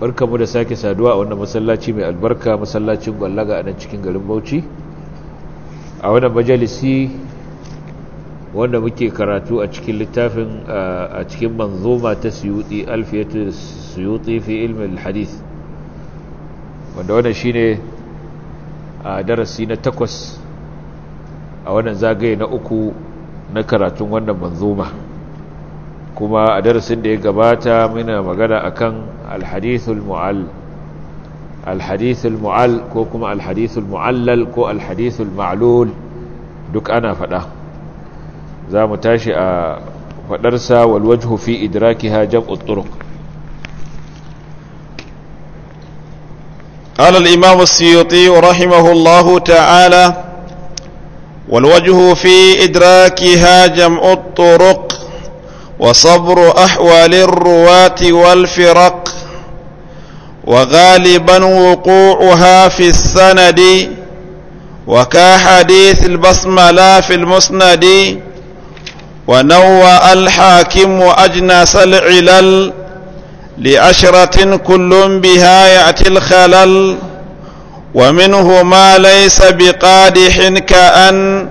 barkamu da sake saduwa a wannan masallaci mai albarka masallacin gwallaga a nan cikin garin bauchi a wannan majalisi wanda muke karatu a cikin littafin a cikin manzoma ta suyuti alfiyatu suyuti fi ilmin hadith wanda wannan ne a darasi na takwas a wannan zagaye na uku na karatun wannan manzoma kuma a darasin da ya gabata muna magana akan الحديث المعل الحديث المعل كو كما الحديث المعلل كو الحديث المعلول duk انا فدا za تاشي ا a والوجه في ادراكها جمع الطرق قال الإمام السيوطي رحمه الله تعالى والوجه في إدراكها جمع الطرق وصبر أحوال الرواة والفرق وغالبا وقوعها في السند وكحديث البصملة في المسند ونوى الحاكم أجنس العلل لعشرة كل بها يأتي الخلل ومنه ما ليس بقادح كأن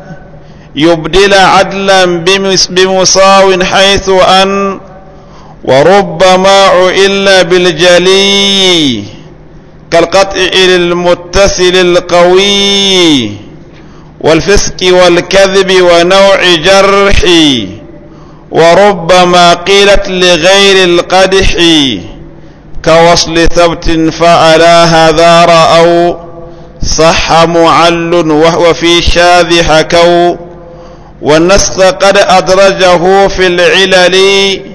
يبدل عدلا بمساو حيث أن وربما عئل بالجلي كالقطع المتصل القوي والفسق والكذب ونوع جرح وربما قيلت لغير القدح كوصل ثبت فعلا هذا رأوا صح معل وهو في شاذ حكوا والنص قد أدرجه في العلل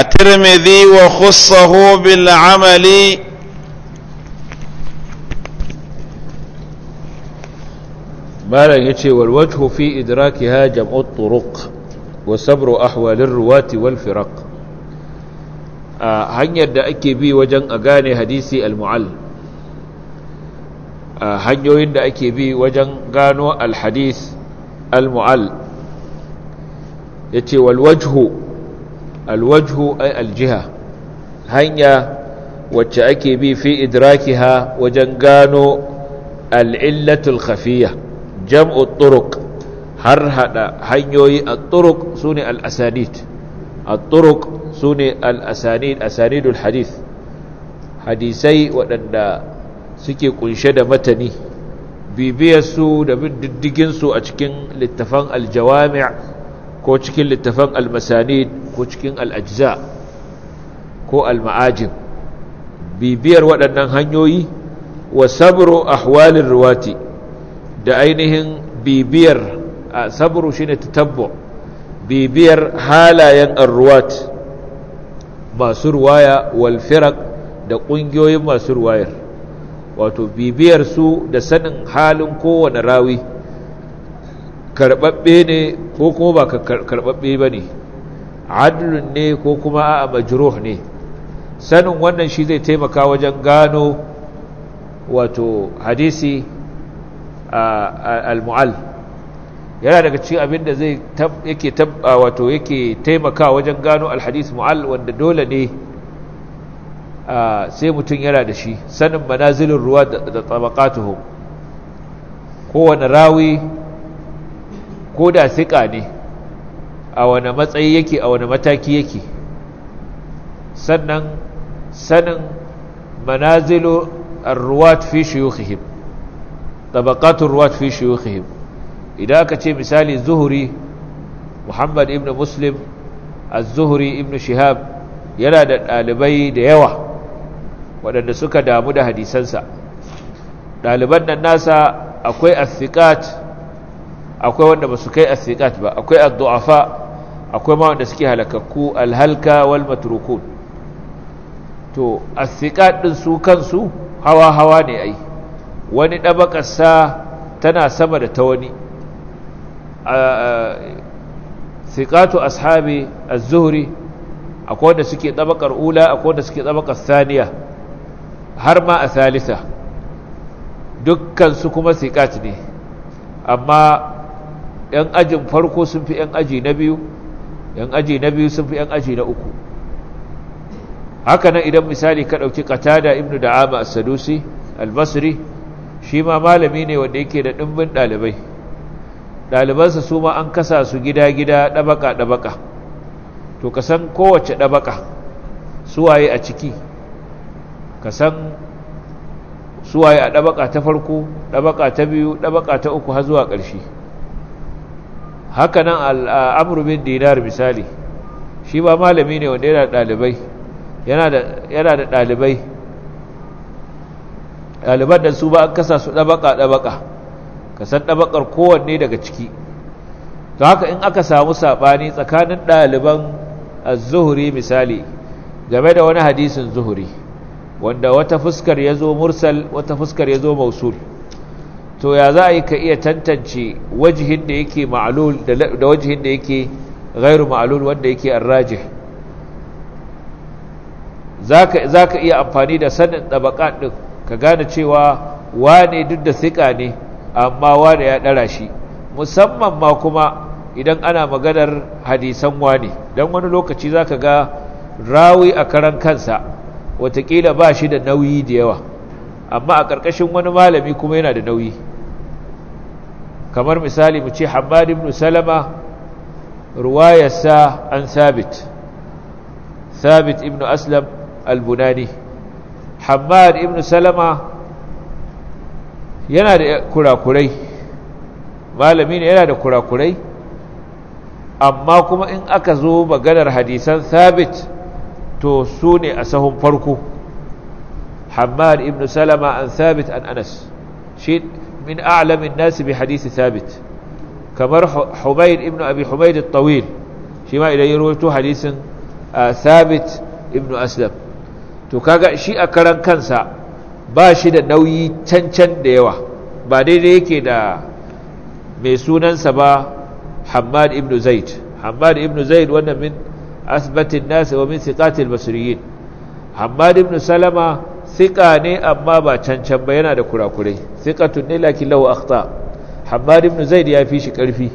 الترمذي وخصه بالعمل بارا يتي والوجه في إدراكها جمع الطرق وصبر أحوال الرواة والفرق آه، هن يدى بي وجن أغاني حديثي المعل آه، هن يدى بي وجن غانو الحديث المعل يتي والوجه والوجه alwajhu ay aljiha hanya wacce ake bi fi idrakiha wajen gano al'illatul khafiyya jam'u turuq har hada hanyoyi a turuq sune al-asanid hadith hadisai waɗanda suke kunshe da matani bibiyarsu da bin a cikin littafan al ko cikin littafan almasanid ko cikin al'ajza ko alma'ajin bibiyar waɗannan hanyoyi wa sabro ahwalin ruwati da ainihin bibiyar a sabro shi ne bibiyar halayen arruwat masu ruwaya walfirak da ƙungiyoyin masu ruwayar wato bibiyar su da sanin halin kowane rawi karɓaɓɓe ne ko kuma ba karɓaɓɓe ba ne adlun ne ko kuma a majruh ne sanin wannan shi zai taimaka wajen gano wato hadisi al-mu'al yana daga cikin abin da zai yake wato yake taimaka wajen gano al-hadis mu'al wanda dole ne sai mutum yana da shi sanin manazilin ruwa da tabaqatuhum kowane rawi ko da siƙa ne a wane matsayi yake a wane mataki yake sannan sanin manazilu arruwat fi shuyukhihim tabaqatu arruwat fi shuyukhihim idan aka ce misali zuhuri muhammad ibn muslim az zuhuri ibn shihab yana da dalibai da yawa waɗanda suka damu da hadisansa ɗaliban nan nasa akwai athiqat akwai wanda ba su kai asiqat ba akwai addu'afa akwai ma wanda suke halakakku alhalka wal matrukun to asiqat din su kansu hawa hawa ne ai wani dabakarsa tana sama da ta wani siqatu ashabi az-zuhri akwai wanda suke dabakar ula akwai wanda suke dabakar thaniya har ma a thalitha dukkan su kuma siqat ne amma 'yan ajin farko sun fi 'yan aji na biyu 'yan aji na biyu sun fi 'yan aji na uku haka nan idan misali ka ɗauki katada ibnu da as-sadusi al-basri shi ma malami ne wanda yake da ɗimbin ɗalibai ɗalibansa su ma an kasa su gida-gida ɗabaka-ɗabaka to ka san kowace ɗabaka suwaye a ciki ka san suwaye a ɗabaka ta farko ɗabaƙa ta biyu ɗabaka ta uku har zuwa ƙarshe haka nan al'amur bin dinar misali shi ba malami ne wanda yana da ɗalibai yana da ɗalibai ɗaliban da su ba an kasa su ɗabaƙa-ɗabaƙa ka san ɗabaƙar kowanne daga ciki to haka in aka samu saɓani tsakanin ɗaliban zuhuri misali game da wani hadisin zuhuri wanda wata fuskar ya zo mursal wata fuskar ya zo mausul to ya za a ka iya tantance wajihin da yake ma'alul da wajihin da yake gairu ma'alul wanda yake arrajih za ka iya amfani da sanin tabaqat ɗin ka gane cewa wane duk da sika ne amma wane ya dara shi musamman ma kuma idan ana maganar hadisan wane don wani lokaci za ka ga rawi a karan kansa watakila ba shi da nauyi da yawa amma a ƙarƙashin wani malami kuma yana da nauyi kamar misali mu ce hamad ibn salama ruwayarsa an sabit sabit ibn aslam albunani hamad ibn salama yana da kurakurai malami ne yana da kurakurai amma kuma in aka zo maganar hadisan sabit to su ne a sahun farko hammad ibn salama an thabit an anas shi min a'lamin nasi bi hadisi thabit kamar humayd ibn abi humayd at-tawil shi ma idan ya rawaito hadisin uh, thabit ibn aslam to shi a karan kansa ba shi da nauyi cancan da yawa ba daidai yake da mai sunansa ba hamad ibn zaid hamad ibn zaid wannan min asbatin nasi wa min siqatil basriyin hamad ibn salama siƙa ne amma ba cancan ba yana da kurakurai siƙatun ne laki lau akhta hamad ibn zaid ya fi shi ƙarfi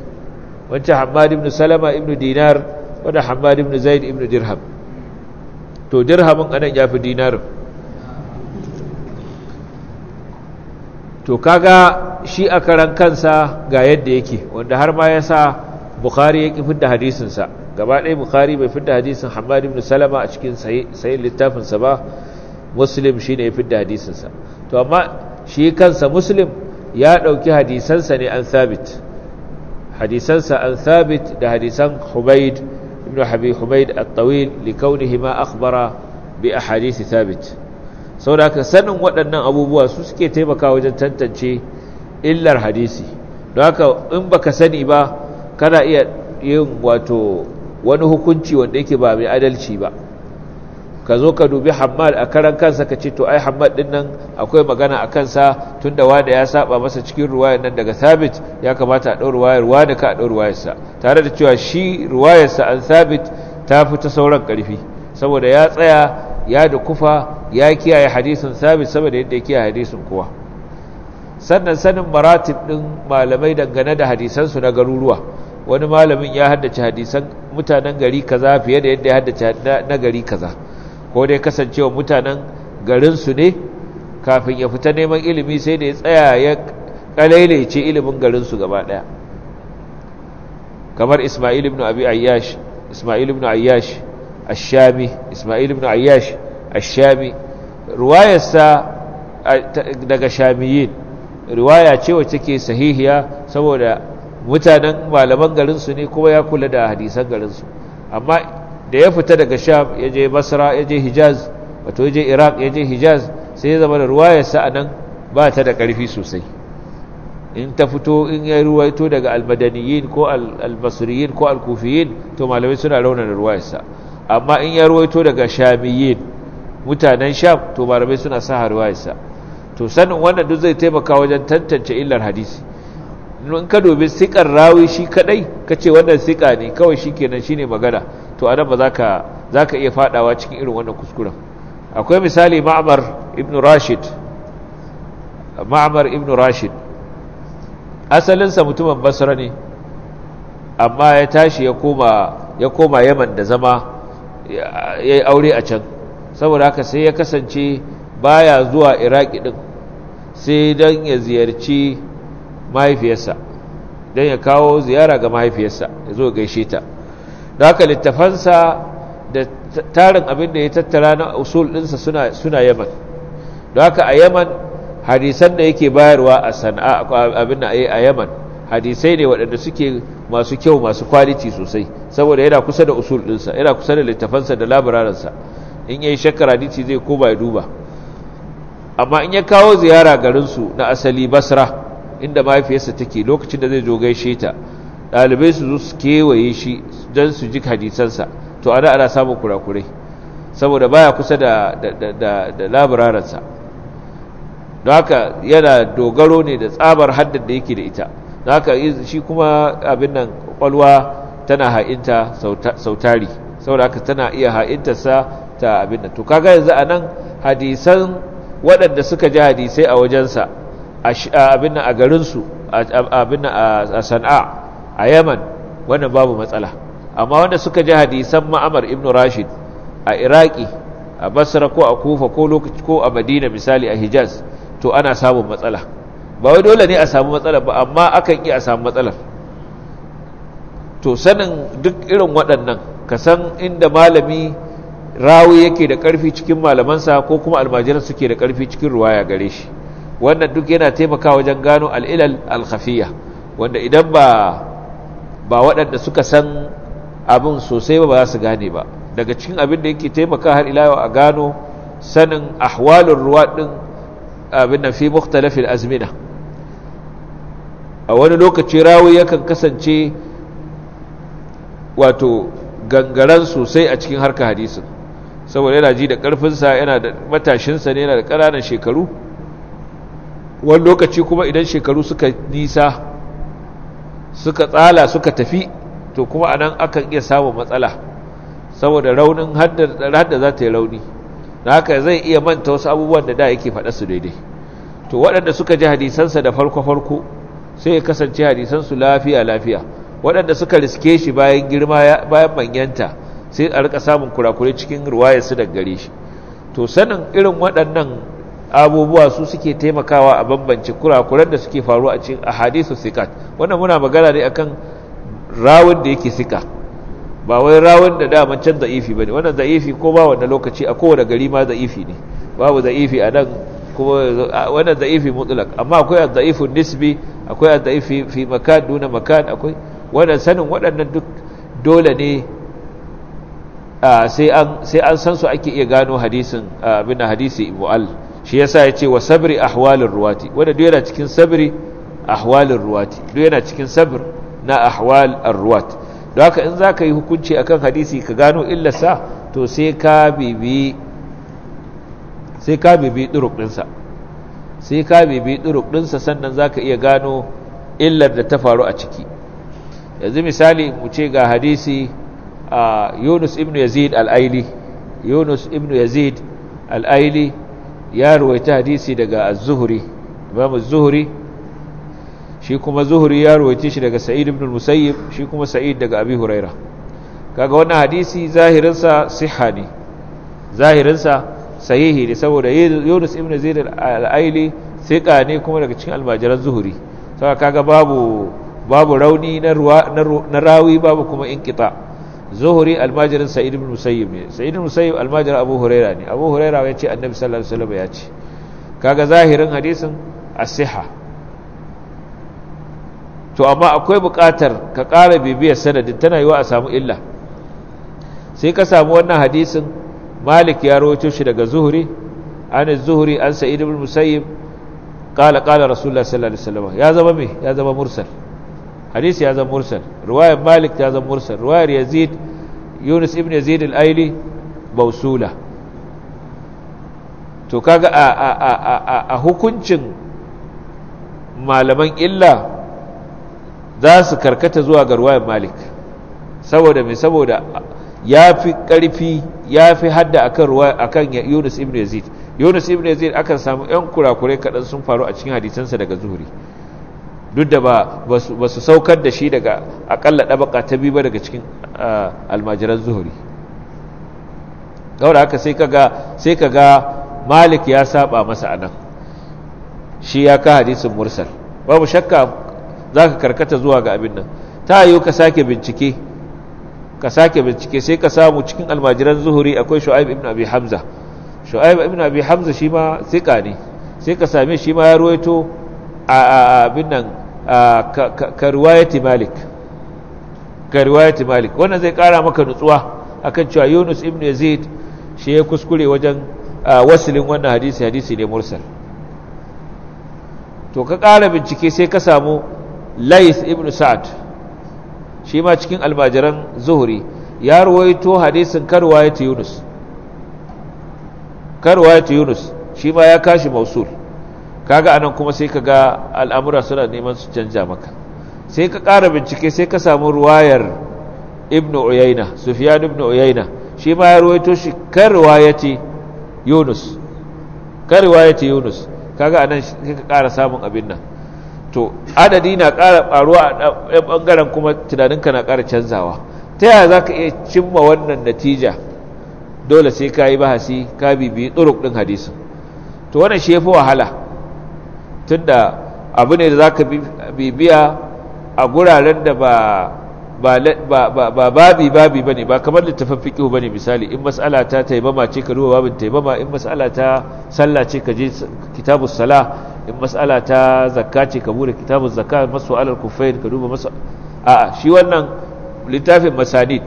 wancan hamad ibn salama ibn dinar wadda hamad ibn zaid ibn dirham to dirhamin anan ya fi dinarin to kaga shi a karan kansa ga yadda yake wanda har ma ya sa bukhari ya ƙi da hadisinsa gaba ɗaya bukhari bai da hadisin hamad ibn salama a cikin sayin littafinsa ba muslim shi ne fi fidda hadisinsa to amma shi kansa muslim ya ɗauki hadisansa ne an thabit hadisansa an sabit da hadisan humaid ibn Habib, humaid at-tawil likaunihi ma akhbara bi ahadith sabit. saboda sanin waɗannan abubuwa su suke taimaka wajen tantance illar hadisi don haka in baka sani ba kana iya yin wato wani hukunci wanda yake ba mai adalci ba ka zo ka dubi hammal a karan kansa ka ce to ai hammal din nan akwai magana a kansa tun da wada ya saba masa cikin ruwayar nan daga sabit ya kamata a ɗau ruwayar wada ka a ɗau ruwayarsa tare da cewa shi ruwayarsa an sabit ta fi ta sauran ƙarfi saboda ya tsaya ya da kufa ya kiyaye hadisin sabit saboda yadda ya kiyaye hadisin kowa sannan sanin maratib din malamai dangane da hadisansu na garuruwa wani malamin ya haddace hadisan mutanen gari kaza fiye da yadda ya haddace na gari kaza ko dai kasancewa mutanen garinsu ne kafin ya fita neman ilimi sai da ya tsaya ya kalailaice ilimin garinsu gaba ɗaya kamar ismail ibn abi ayyash ismail ibn ayyash ashami ismail ibn ayyash ashami riwayarsa daga shamiyin riwaya ce wacce ke sahihiya saboda mutanen malaman garinsu ne kuma ya kula da hadisan garinsu amma da ya fita daga sham ya je basra ya je hijaz wato ya je iraq ya je hijaz sai ya zama da ruwayarsa a nan ba ta da ƙarfi sosai in ta fito in ya ruwaito daga almadaniyin ko albasriyin ko alkufiyin to malamai suna raunana ruwayarsa amma in ya ruwaito daga shamiyin mutanen sham to malamai suna sa ruwayarsa to sanin wannan duk zai taimaka wajen tantance illar hadisi in ka dobi sikar rawi shi kadai ka ce wannan sika ne kawai shi kenan ne magana to a ba za ka iya fadawa cikin irin wannan kuskuren akwai misali ma'amar ibn rashid ma'amar ibn rashid asalinsa mutumin basra ne amma ya tashi ya koma yaman da zama ya yi aure a can saboda haka sai ya kasance baya zuwa iraki din sai don ya ziyarci mahaifiyarsa don ya kawo ziyara ga mahaifiyarsa ya zo gaishe ta da haka littafansa da tarin abin da ya tattara na usul ɗinsa suna yaman da haka a yaman hadisan da yake bayarwa a sana'a abin da a yaman hadisai ne waɗanda suke masu kyau masu kwaliti sosai saboda yana kusa da usul ɗinsa yana kusa da littafansa da labararinsa in yi shakkar hadisi zai ko ya duba amma in ya kawo ziyara garinsu na asali basra inda mahaifiyarsa take lokacin da zai zo gaishe ta Dalibai su su kewaye shi don su ji hadisansa to ana ana samun kurakurai saboda baya kusa da da labararansa don haka yana dogaro ne da tsabar haddar da yake da ita don haka shi kuma abin nan kwalwa tana ha'inta sautari saboda haka tana iya ha'intarsa ta abin nan to kaga yanzu a nan hadisan waɗanda suka ji hadisai a wajensa abin nan a garinsu abin nan a sana'a a yaman wannan babu matsala amma wanda suka ji hadisan ma'amar ibn rashid a iraki a basra ko a kufa ko lokaci ko a madina misali a hijaz to ana samun matsala ba wai dole ne a samu matsala ba amma akan yi a samu matsalar to sanin duk irin waɗannan ka san inda malami rawi yake da ƙarfi cikin malamansa ko kuma almajiran suke da ƙarfi cikin ruwaya gare shi wannan duk yana taimaka wajen gano al'ilal alkhafiya wanda idan ba ba waɗanda suka san abin sosai ba za su gane ba daga cikin abin da yake taimaka har ila a gano sanin ahwalin ruwa ɗin abin nan fi mukhtalafil azmina a wani lokaci rawi yakan kasance wato gangaren sosai a cikin harkar hadisin saboda yana ji da ƙarfinsa yana da matashinsa ne yana da ƙananan shekaru wani lokaci kuma idan shekaru suka nisa suka tsala suka tafi to kuma a nan akan iya samun matsala saboda raunin hadda za ta yi rauni na haka zai iya manta wasu abubuwan da da yake faɗa su daidai to waɗanda suka ji hadisansa da farko-farko sai ya kasance hadisansu lafiya-lafiya waɗanda suka riske shi bayan girma bayan manyanta sai a rika samun kurakure cikin ruwayarsu daga gare shi to sanin irin waɗannan abubuwa su suke taimakawa a bambance kurakuran da suke faru a cikin ahadisu sikat wannan muna magana ne akan rawun da yake sika ba wai rawun da daman can za'ifi bane wannan za'ifi ko ba wanda lokaci a kowane gari ma za'ifi ne babu za'ifi a nan kuma wannan za'ifi mutlak amma akwai za'ifi nisbi akwai za'ifi fi makan duna makan akwai wannan sanin waɗannan duk dole ne sai an san su ake iya gano hadisin abin hadisi mu'al shi yasa yace wa sabri ahwalir ruwati wanda duk yana cikin sabri ahwalir ruwati duk yana cikin sabr na ahwal ar-ruwat don haka in zaka yi hukunci akan hadisi ka gano sa to sai ka bibi sai ka bibi duruk dinsa sai ka bibi duruk dinsa sannan zaka iya gano illar da ta faru a ciki yanzu misali mu ce ga hadisi a Yunus ibn Yazid al-Aili Yunus ibn Yazid al-Aili ya ruwaita hadisi daga az-zuhri imam az-zuhri shi kuma zuhri ya ruwaita shi daga sa'id ibn al-musayyib shi kuma sa'id daga abi huraira kaga wannan hadisi zahirin sa sihha ne zahirin sa sahihi ne saboda yunus ibn zaid al-aili thiqa ne kuma daga cikin almajiran zuhri saboda kaga babu babu rauni na rawi babu kuma inqita' zuhuri almajirin sa'id ibn musayyib ne sa'id ibn musayyib almajir abu huraira ne abu huraira ya ce annabi sallallahu alaihi wasallam ya ce kaga zahirin hadisin Asiha to amma akwai buƙatar ka ƙara bibiyar sanadin tana yiwa a samu illa sai ka samu wannan hadisin malik ya rawaito shi daga zuhuri an zuhuri an sa'id ibn musayyib qala qala rasulullah sallallahu alaihi wasallam ya zama me ya zama mursal hadisi ya zama mursal riwayar malik ta zama mursal riwayar yazid yunus ibn yazid al-aili to kaga a, a, a, a hukuncin malaman illa za su karkata zuwa ga ruwayan malik saboda mai saboda ya fi ƙarfi ya fi hadda akan ruwa akan yunus ibn yazid yunus ibn yazid akan samu 'yan kurakurai kaɗan sun faru a cikin hadisansa daga zuhuri duk da ba ba su saukar da shi daga akalla ɗabaka ta biyu ba daga cikin almajiran zuhuri gaura haka sai ka ga malik ya saba masa anan shi ya ka hadisin mursal babu shakka za ka karkata zuwa ga abin nan ta yi ka sake bincike ka sake bincike sai ka samu cikin almajiran zuhuri akwai shu'aib ibn abi hamza shu'aib ibn abi hamza shi ma sika ne sai ka same shi ma ya ruwaito a abin nan ka riwayati malik wannan zai kara maka nutsuwa akan cewa Yunus ibn Yazid shi ya kuskure wajen wasilin wannan hadisi hadisi ne mursal to ka kara bincike sai ka samu Lais ibn Sa'ad shi ma cikin almajiran zuhuri ya ruwaito hadisin karwayati Yunus karwayati Yunus shi ma ya kashi mausul kaga anan kuma sai ka ga al'amura suna neman su canja maka sai ka ƙara bincike sai ka samu ruwayar ibn uyayna sufyan ibn uyayna shi ma ya ruwaito shi kan ruwayati yunus kan ruwayati yunus kaga anan sai ka ƙara samun abin nan to adadi na ƙara faruwa a bangaren kuma tunaninka na ƙara canzawa ta yaya za ka iya cimma wannan natija dole sai ka yi bahasi ka bibiyi tsuruk ɗin hadisin to wannan shi ya fi wahala tunda abu ne da za ka bibiya a guraren da ba ba babi babi bane ba kamar littafin fiqh bane misali in mas'ala ta taimama ce ka duba babin taimama in mas'ala ta sallah ce ka je kitabus salah in mas'ala ta zakka ce ka bude kitabus zakka mas'alal kufayn ka duba masa a'a shi wannan littafin masanid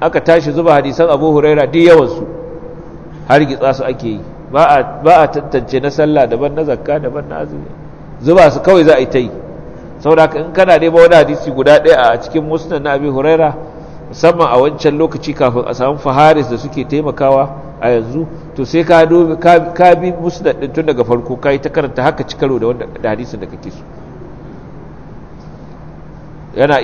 aka tashi zuba hadisan Abu Huraira duk yawan su har gitsa su ake yi ba a tantance na sallah daban na zakka daban na azumi zuba su kawai za a yi ta yi saboda in kana nema wani hadisi guda ɗaya a cikin musnad na abi huraira musamman a wancan lokaci kafin a samu faharis da suke taimakawa a yanzu to sai ka bi musnad ɗin tun daga farko ka yi ta karanta haka cikaro da da hadisin da kake so yana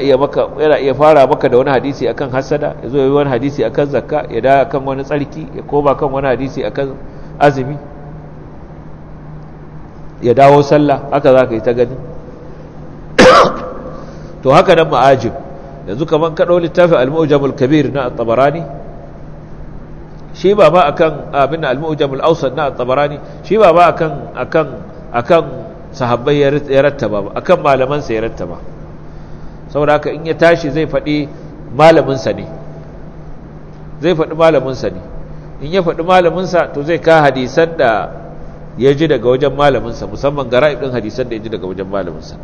iya maka yana iya fara maka da wani hadisi akan hasada yazo yayi wani hadisi akan zakka ya da akan wani tsarki ya koma kan wani hadisi akan azumi ya dawo sallah haka zaka yi ta gani to haka nan ma'ajib yanzu kaman ka dau littafin al-mu'jamul kabir na at-tabarani shi ba ba akan abin al-mu'jamul awsat na at-tabarani shi ba ba akan akan akan sahabbai ya rattaba ba akan malaman sa ya rattaba saboda haka in ya tashi zai faɗi malaminsa ne zai faɗi malaminsa ne in ya faɗi malaminsa to zai ka hadisan da ya ji daga wajen malaminsa musamman ga ɗin hadisan da ya ji daga wajen malaminsa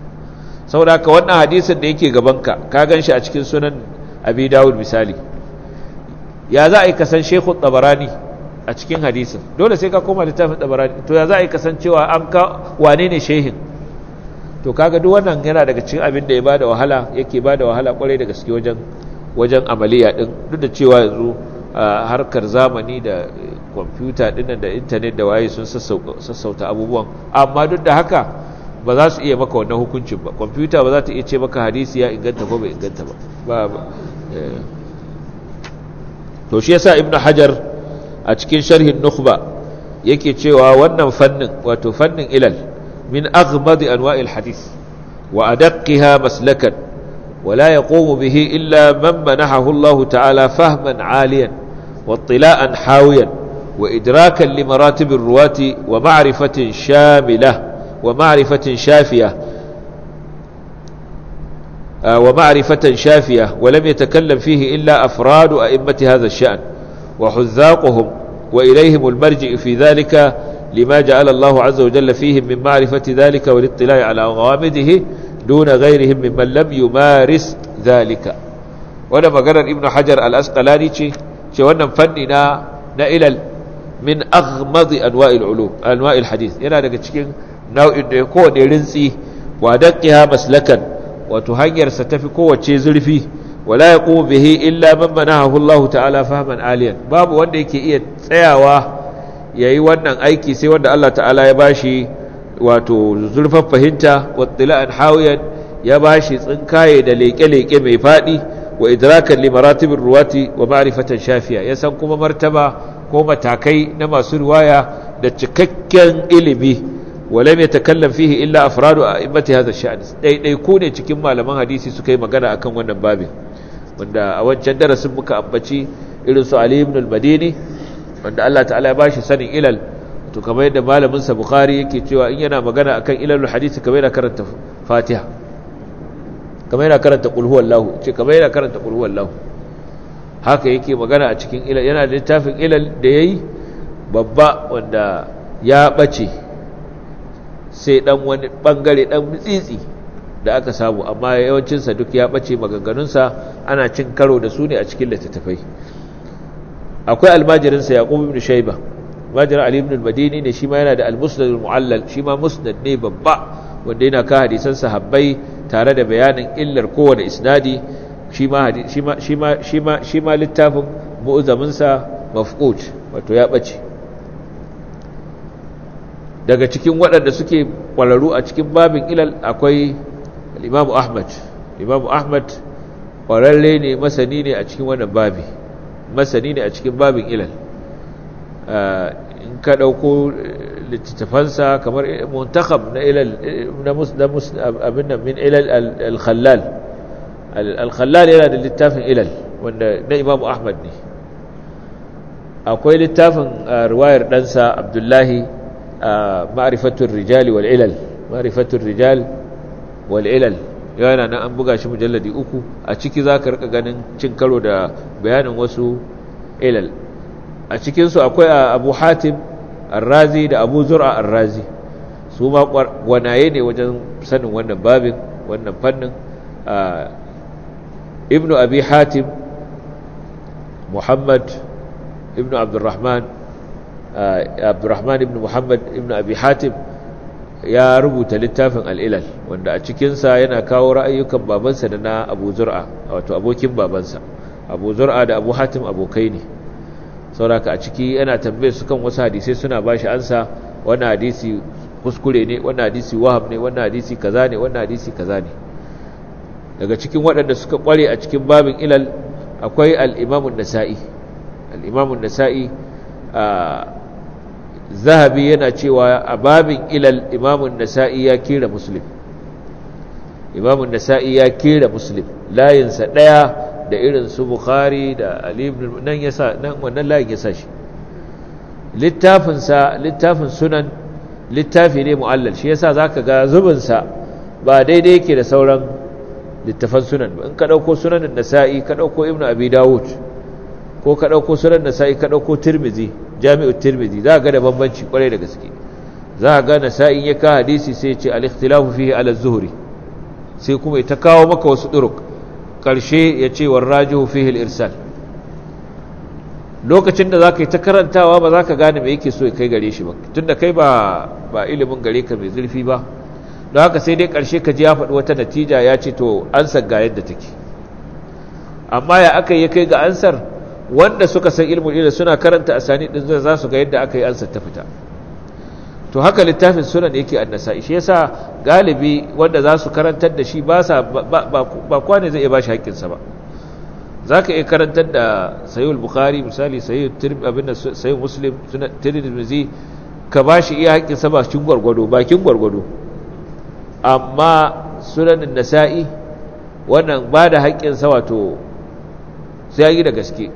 saboda haka wannan hadisin da yake gabanka ka gan shi a cikin sunan abi dawud misali ya za a yi kasan shekhu tabarani a cikin hadisin dole sai ka koma littafin tabarani to ya za a yi kasancewa an ka wane ne shehin to kaga duk wannan yana daga cikin abin da ya bada wahala yake bada wahala kwarai da gaske wajen wajen amaliya din duk da cewa yanzu harkar zamani da kwamfuta din da internet da waye sun sassauta abubuwan amma duk da haka ba za su iya maka wannan hukuncin ba kwamfuta ba za ta iya ce maka hadisi ya inganta ko bai inganta ba eh. to shi yasa ibnu hajar a cikin sharhin nukhba yake cewa wannan fannin wato fannin ilal من أغمض أنواع الحديث وأدقها مسلكا ولا يقوم به إلا من منحه الله تعالى فهما عاليا واطلاء حاويا وإدراكا لمراتب الرواة ومعرفة شاملة ومعرفة شافية آه، ومعرفة شافية ولم يتكلم فيه إلا أفراد أئمة هذا الشأن وحذاقهم وإليهم المرجع في ذلك لما جعل الله عز وجل فيهم من معرفة ذلك والاطلاع على غوامده دون غيرهم ممن لم يمارس ذلك وانا مقرر ابن حجر الأسقلاني شي وانا فننا نائل من أغمض أنواع العلوم أنواع الحديث ينا نكتشكين نوع يكون رنسي ودقها مسلكا وتهير ستفكو وتشيزل فيه ولا يقوم به إلا من منعه الله تعالى فهما عاليا باب وانا كي تسيوا ya yi wannan aiki sai wanda Allah ta'ala ya bashi wato zurfar fahimta wattila'an hawiyar ya bashi tsinkaye da leke-leke mai faɗi wa idrakan limaratibin ruwati wa ma'arifatan shafiya ya san kuma martaba ko matakai na masu ruwaya da cikakken ilimi walam takallan fihi illa a a a hadha ash-sha'n ɗaiɗai ku ne cikin malaman hadisi suka yi magana akan wannan babin wanda a wancan darasin muka ambaci irin su Ali ibn al wanda Allah ta'ala ya bashi sanin ilal to kamar yadda malamin sa bukhari yake cewa in yana magana akan ilal hadisi kamar yana karanta fatiha kamar yana karanta qul huwallahu ce kamar yana karanta qul huwallahu haka yake magana a cikin ilal yana da littafin ilal da yayi babba wanda ya bace sai dan wani bangare dan mitsitsi da aka samu amma yawancinsa duk ya bace maganganunsa ana cin karo da su ne a cikin littattafai akwai almajirinsa sa yaqub ibn shayba almajirin ali ibn al-madini ne shima yana da al-musnad al-mu'allal shi musnad ne babba wanda yana ka hadisan sahabbai tare da bayanin illar kowane isnadi shima ma shi ma shi littafin mu'zamin sa mafqut wato ya bace daga cikin wadanda suke kwararru a cikin babin ilal akwai al-imamu ahmad imamu ahmad ƙwararre ne masani ne a cikin wannan babi masani ne a cikin babin ilal eh, in ka ɗauko littattafansa kamar muntakab na ilal na abin min ilal al-khallal al-khallal yana da littafin ilal wanda na imamu ahmad ne akwai littafin eh, riwayar ɗansa abdullahi eh, ma'rifatun rijali wal ilal rijal wal ilal yana nan an buga shi mujalladi uku a ciki za ka rika ganin cin karo da bayanin wasu ilal a cikinsu akwai abu hatim arrazi da abu zura arrazi su ma gwanaye ne wajen sanin wannan babin wannan fannin ibnu abi hatim muhammad ibnu abdurrahman abdurrahman ibnu muhammad ibnu abi hatim ya rubuta littafin al'ilal wanda a cikinsa yana kawo ra'ayyukan babansa da na abu zur'a wato abokin babansa abu zur'a da abu hatim abokai ne sauraka a ciki yana tambaye su kan wasu hadisai suna ba shi ansa wani hadisi kuskure ne wani hadisi waham ne wani hadisi kaza ne wani hadisi kaza ne daga cikin waɗanda suka ƙware a cikin babin ilal akwai al'imamun nasa'i al'imamun nasa'i a ah, zahabi yana cewa a babin ilal imamun nasa'i ya kera muslim imamun nasa'i ya kera muslim layinsa ɗaya da irin su bukhari da alibin nan ya sa nan wannan layin ya sa shi littafinsa littafin sunan littafi ne mu'allal shi ya sa za ka ga zubinsa ba daidai yake da sauran littafan sunan ba in ka ɗauko sunan nasa'i ka ɗauko Ibn abi dawud ko ka ɗauko sunan nasa'i ka ɗauko Turmizi. jami'u tirmidhi za ga da bambanci kwarai da gaske za ga nasa'in ya ka hadisi sai ce al-ikhtilafu fihi ala zuhri sai kuma ita kawo maka wasu duruk karshe ya ce warrajihu fihi al-irsal lokacin da za ka yi ta karantawa ba za ka gane mai yake so ya kai gare shi ba tun da kai ba ba ilimin gare ka mai zurfi ba don haka sai dai karshe ka ji ya faɗi wata natija ya ce to ansar ga yadda take amma ya aka yi kai ga ansar wanda suka san ilmul ilal suna karanta asani din za su ga yadda aka yi ansa ta fita to haka littafin sunan yake nasa, shi yasa galibi wanda za su karantar da shi ba sa ba kwane zai iya ba shi haƙƙinsa ba za ka iya karantar da sayi bukhari misali sayi sayi muslim tirmidhi ka ba shi iya haƙƙinsa ba cikin gwargwado bakin gwargwado amma sunan nasa'i wannan ba da haƙƙinsa wato sai yi da gaske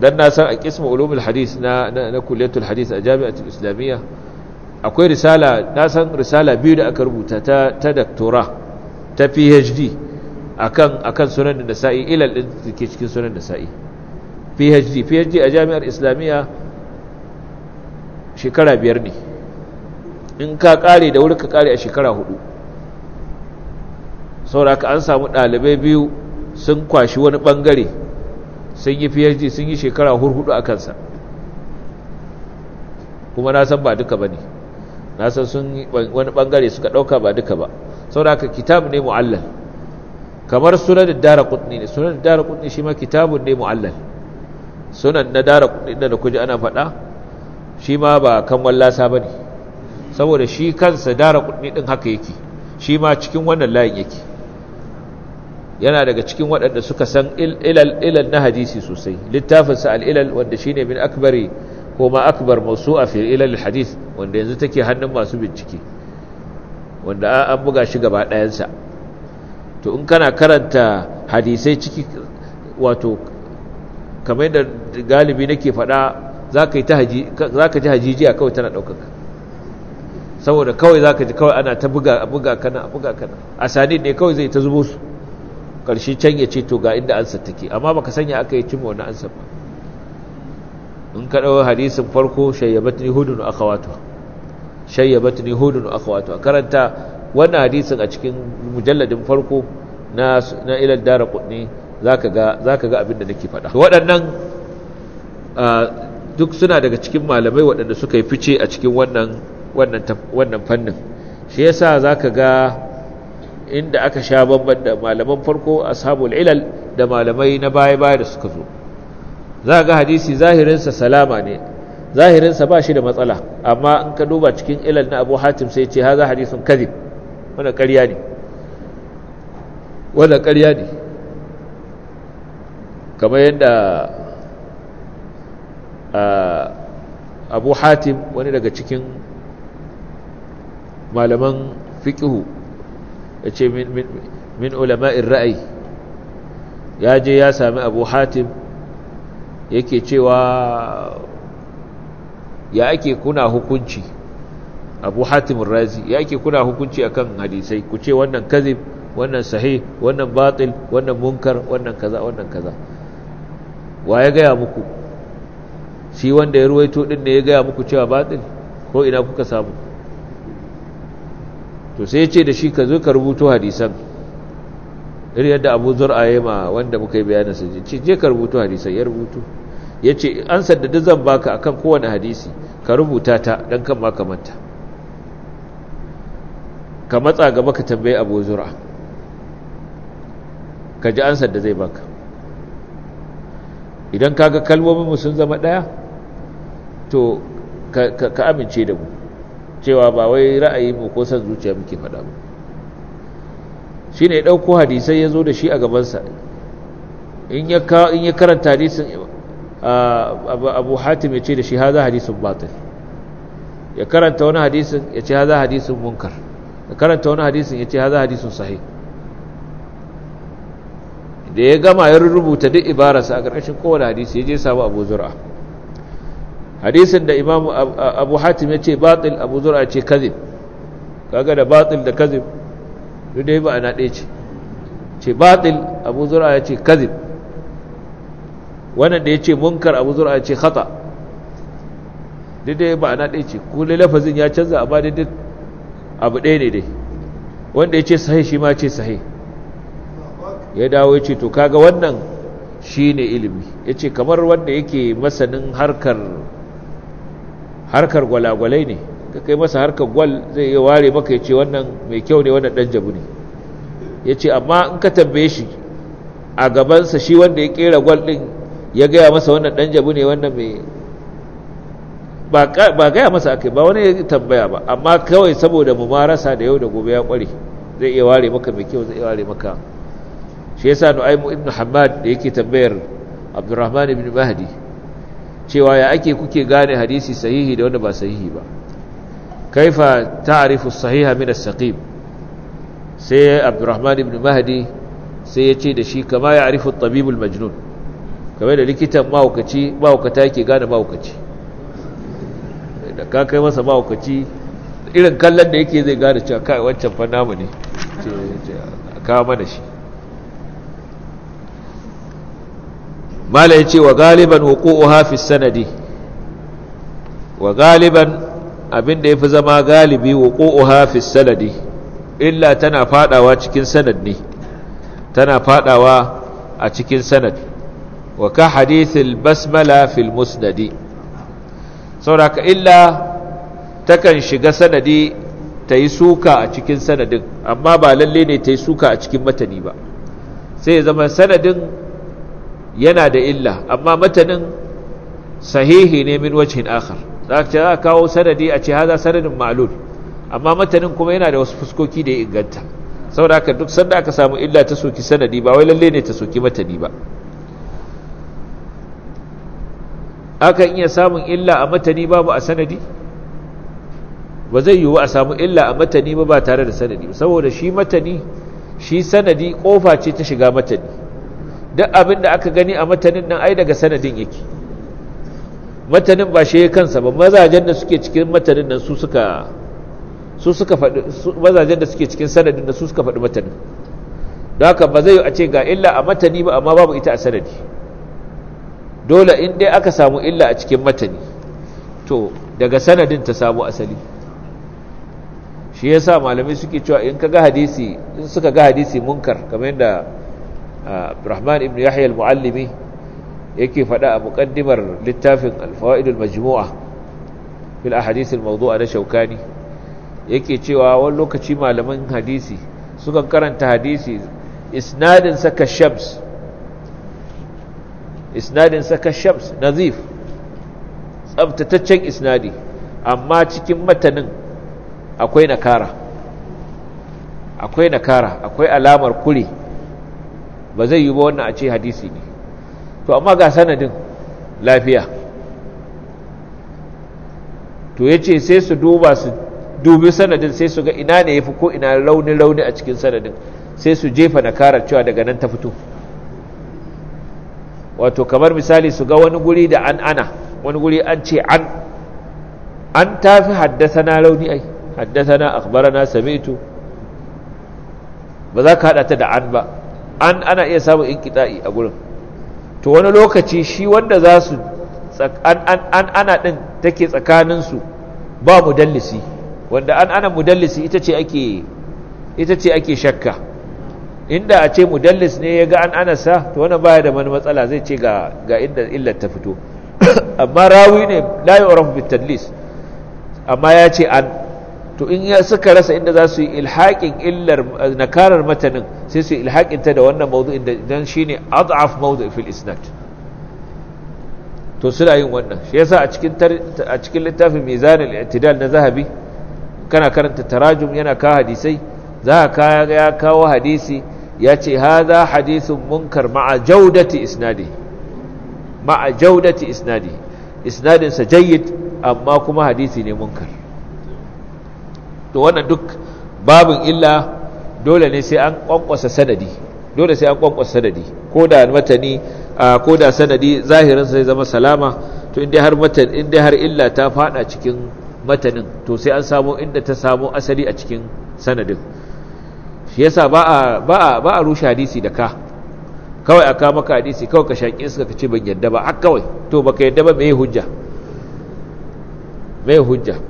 dan na san a kisma ulumul hadis na na kulliyatul a jami'atul islamiyya akwai risala na san risala biyu da aka rubuta ta ta doctora ta PhD akan akan sunan nasa'i ilal din take cikin sunan nasa'i PhD PhD a jami'ar islamiyya shekara biyar ne in ka kare da wuri ka kare a shekara hudu sauraka an samu ɗalibai biyu sun kwashi wani bangare. sun yi phd sun yi shekara hurhudu a kansa kuma na san ba duka ba ne na san sun wani bangare suka ɗauka ba duka ba sau da kitabu ne mu'allal kamar sunan dara kutni ne sunan dara kutni shi ma kitabu ne mu'allal sunan na dara kutni da kuji ana faɗa shi ma ba kan wallasa ba ne saboda shi kansa dara kutni din haka yake shi ma cikin wannan layin yake yana daga cikin waɗanda suka san ilal na hadisi sosai littafinsa al'ilal wanda shi ne min akbari ko ma akbar masu a fil ilal hadis wanda yanzu take hannun masu bincike wanda an buga shi gaba ɗayansa to in kana karanta hadisai ciki wato kamar yadda galibi nake faɗa za ka ji hajijiya kawai tana ɗaukaka saboda kawai za ka ji kawai ana ta buga kana a buga kana a sani ne kawai zai ta zubo su ƙarshe can ya ce to ga inda ansa take amma baka sanya aka yi cimma wani ansa ba in ka ɗau hadisin farko hudu shayyabatni hudun akhawatuha shayyabatni hudun akhawatuha karanta wannan hadisin a cikin mujalladin farko na na ilal daraqutni za ka ga abin da nake faɗa waɗannan duk suna daga cikin malamai waɗanda suka yi fice a cikin wannan fannin shi yasa ka ga inda aka sha bamban da malaman farko ashabul ilal da malamai na baya-baya da suka zo za ga hadisi zahirinsa salama ne zahirinsa ba shi da matsala amma in ka duba cikin ilal na abu hatim sai ce haza hadisun kazib wanda karya ne ne kamar yadda abu hatim wani daga cikin malaman fiƙihu Yace min min min ulama'ir ra'ayi ya je ya sami abu hatim yake cewa ya ake kuna hukunci abu hatim razi ya ake kuna hukunci akan hadisai ku ce wannan kazib wannan sahih wannan batil wannan munkar wannan kaza wannan kaza wa ya gaya muku shi wanda ya ruwaito din ne ya gaya muku cewa batil ko ina kuka samu to sai ce da shi ka zo ka rubuto hadisan irin yadda abu zur'a ya ma wanda muka yi bayanin su ce je ka rubuto hadisan ya rubuto ya ce an saddada zan baka akan kowane hadisi ka rubuta ta don kan ma ka manta ka matsa gaba ka tambayi abu zur'a ka ji an sadda zai baka idan kaga kalmomin mu sun zama daya to ka amince da mu cewa ba wai ra'ayi mu ko san zuciya muke faɗa ba shi ne ɗauko hadisai ya zo da shi a gabansa in ya karanta hadisun abu hatim ya ce da shi "Ha za hadisun batil ya karanta wani hadisun ya ce "Ha za hadisun munkar ya karanta wani hadisun ya ce "Ha za hadisun sahi?" da ya gama ya rubuta duk ibararsa a ƙarƙashin kowane hadisi ya je samu abu zura hadisin da imamu abu hatim ya ce batil abu zura ce kazib kaga da batil da kazib duk dai ba ana ɗaya ce ce batil abu zura ya ce kazib wannan da ya ce munkar abu zura ya ce khata duk dai ba ana ɗaya ce kuli lafazin ya canza amma dai duk abu ɗaya ne dai wanda ya ce sahi shi ma ce sahi ya dawo ya ce to kaga wannan shi ne ilimi ya ce kamar wanda yake masanin harkar harkar gwalagwalai ne ka kai masa harkar gwal zai iya ware maka ya ce wannan mai kyau ne wannan ɗan jabu ne ya ce amma in ka tambaye shi a gabansa shi wanda ya kera gwal ɗin ya gaya masa wannan ɗan jabu ne wannan mai ba gaya masa ake ba wani ya tambaya ba amma kawai saboda mu marasa da yau da gobe ya kware zai iya ware maka mai kyau zai iya ware maka shi ya sa nu'aimu ibn hamad da yake tambayar abdurrahman ibn mahdi cewa ya ake kuke gane hadisi sahihi da wanda ba sahihi ba kaifa ta'rifu sahiha min as-saqim sai Abdurrahman ibn Mahdi sai ya ce da shi kama ya arifu tabibul majnun kamar da likitan mahaukaci mahaukata yake gane mahaukaci da ka kai masa mahaukaci irin kallon da yake zai gane cewa kai wancan fa namu ne ce ka mana shi mala ya ce wa galiban wuqu'uha hafi sanadi wa galiban abinda fi zama galibi wuqu'uha hafi sanadi illa tana fadawa cikin sanad ne tana fadawa a cikin sanad wa ka hadithin basmala fil musnadi sauraka illa takan shiga sanadi ta yi suka a cikin sanadin amma ba lalle ne ta yi suka a cikin matani ba sai ya zama sanadin yana da illa amma matanin sahihi ne min wajhin akhar za ka kawo sanadi a ce haza sanadin ma'lul amma matanin kuma yana da wasu fuskoki da ya inganta saboda haka duk sanda aka samu illa ta soki sanadi ba wai lalle ne ta soki matani ba akan iya samun illa a matani babu a sanadi ba zai yiwu a samu illa a matani ba ba tare da sanadi saboda shi matani shi sanadi kofa ce ta shiga matani duk abin da aka gani a matanin nan ai daga sanadin yake matanin ba shi kansa ba mazajen da suke cikin matanin nan su suka su suka faɗi mazajen da suke cikin sanadin nan su suka faɗi matanin don haka ba zai a ce ga illa a matani ba amma babu ita a sanadi dole in dai aka samu illa a cikin matani to daga sanadin ta samu asali shi yasa malamai suke cewa in ka ga hadisi in suka ga hadisi munkar kamar yadda Ah, Abdurrahman ibn Yahya al-Muallimi yake faɗa a muƙaddimar littafin al-Fawaid al-Majmu'a fil ahadith al-mawdu'a na Shawkani yake cewa wani lokaci malaman hadisi sukan karanta hadisi isnadin saka shams isnadin saka shams nazif tsabtataccen isnadi amma cikin matanin akwai nakara akwai nakara akwai alamar kuri. ba zai yi ba wannan a ce hadisi ne to amma ga sanadin lafiya to ya ce sai su duba su dubi sanadin sai su ga ina ne ya fi ko ina rauni-rauni a cikin sanadin sai su jefa na karar cewa daga nan ta fito wato kamar misali su ga wani guri da an ana wani guri an ce an an ta fi haddasa na rauni ai haddasa na akbarana samitu ba za ka haɗa ta da an ba an ana iya samun inqita'i a gurin to wani lokaci shi wanda za su an ana din take tsakanin su ba mudallisi wanda an ana mudallisi ita ce ake ita shakka inda a ce mudallis ne ya ga an ana sa to wani baya da wani matsala zai ce ga ga inda illar ta fito amma rawi ne la yu'rafu bitadlis amma ya ce an to in ya suka rasa inda za su yi ilhaƙin illar eh, nakarar matanin sai su yi ilhaƙinta da wannan mawdu'in da dan shine ad'af mawdu' fil isnat. to suna yin wannan shi yasa a cikin littafin mizan al na zahabi kana karanta tarajum yana ka hadisai za a ya kawo hadisi ya ce haza hadisin munkar ma'a jaudati isnadi ma'a jaudati isnadi isnadinsa jayyid amma kuma hadisi ne munkar to wannan duk babin illa dole ne sai an kwankwasa sanadi dole sai an kwankwasa sanadi ko da matani ko da sanadi zahirin sai zama salama to inda har matan inda har illa ta fada cikin matanin to sai an samu inda ta samu asali a cikin sanadin shi yasa ba a ba a ba a rushe hadisi da ka kawai aka maka hadisi kawai ka shaƙi suka kace ban yadda ba a kawai to baka yadda ba me hujja me hujja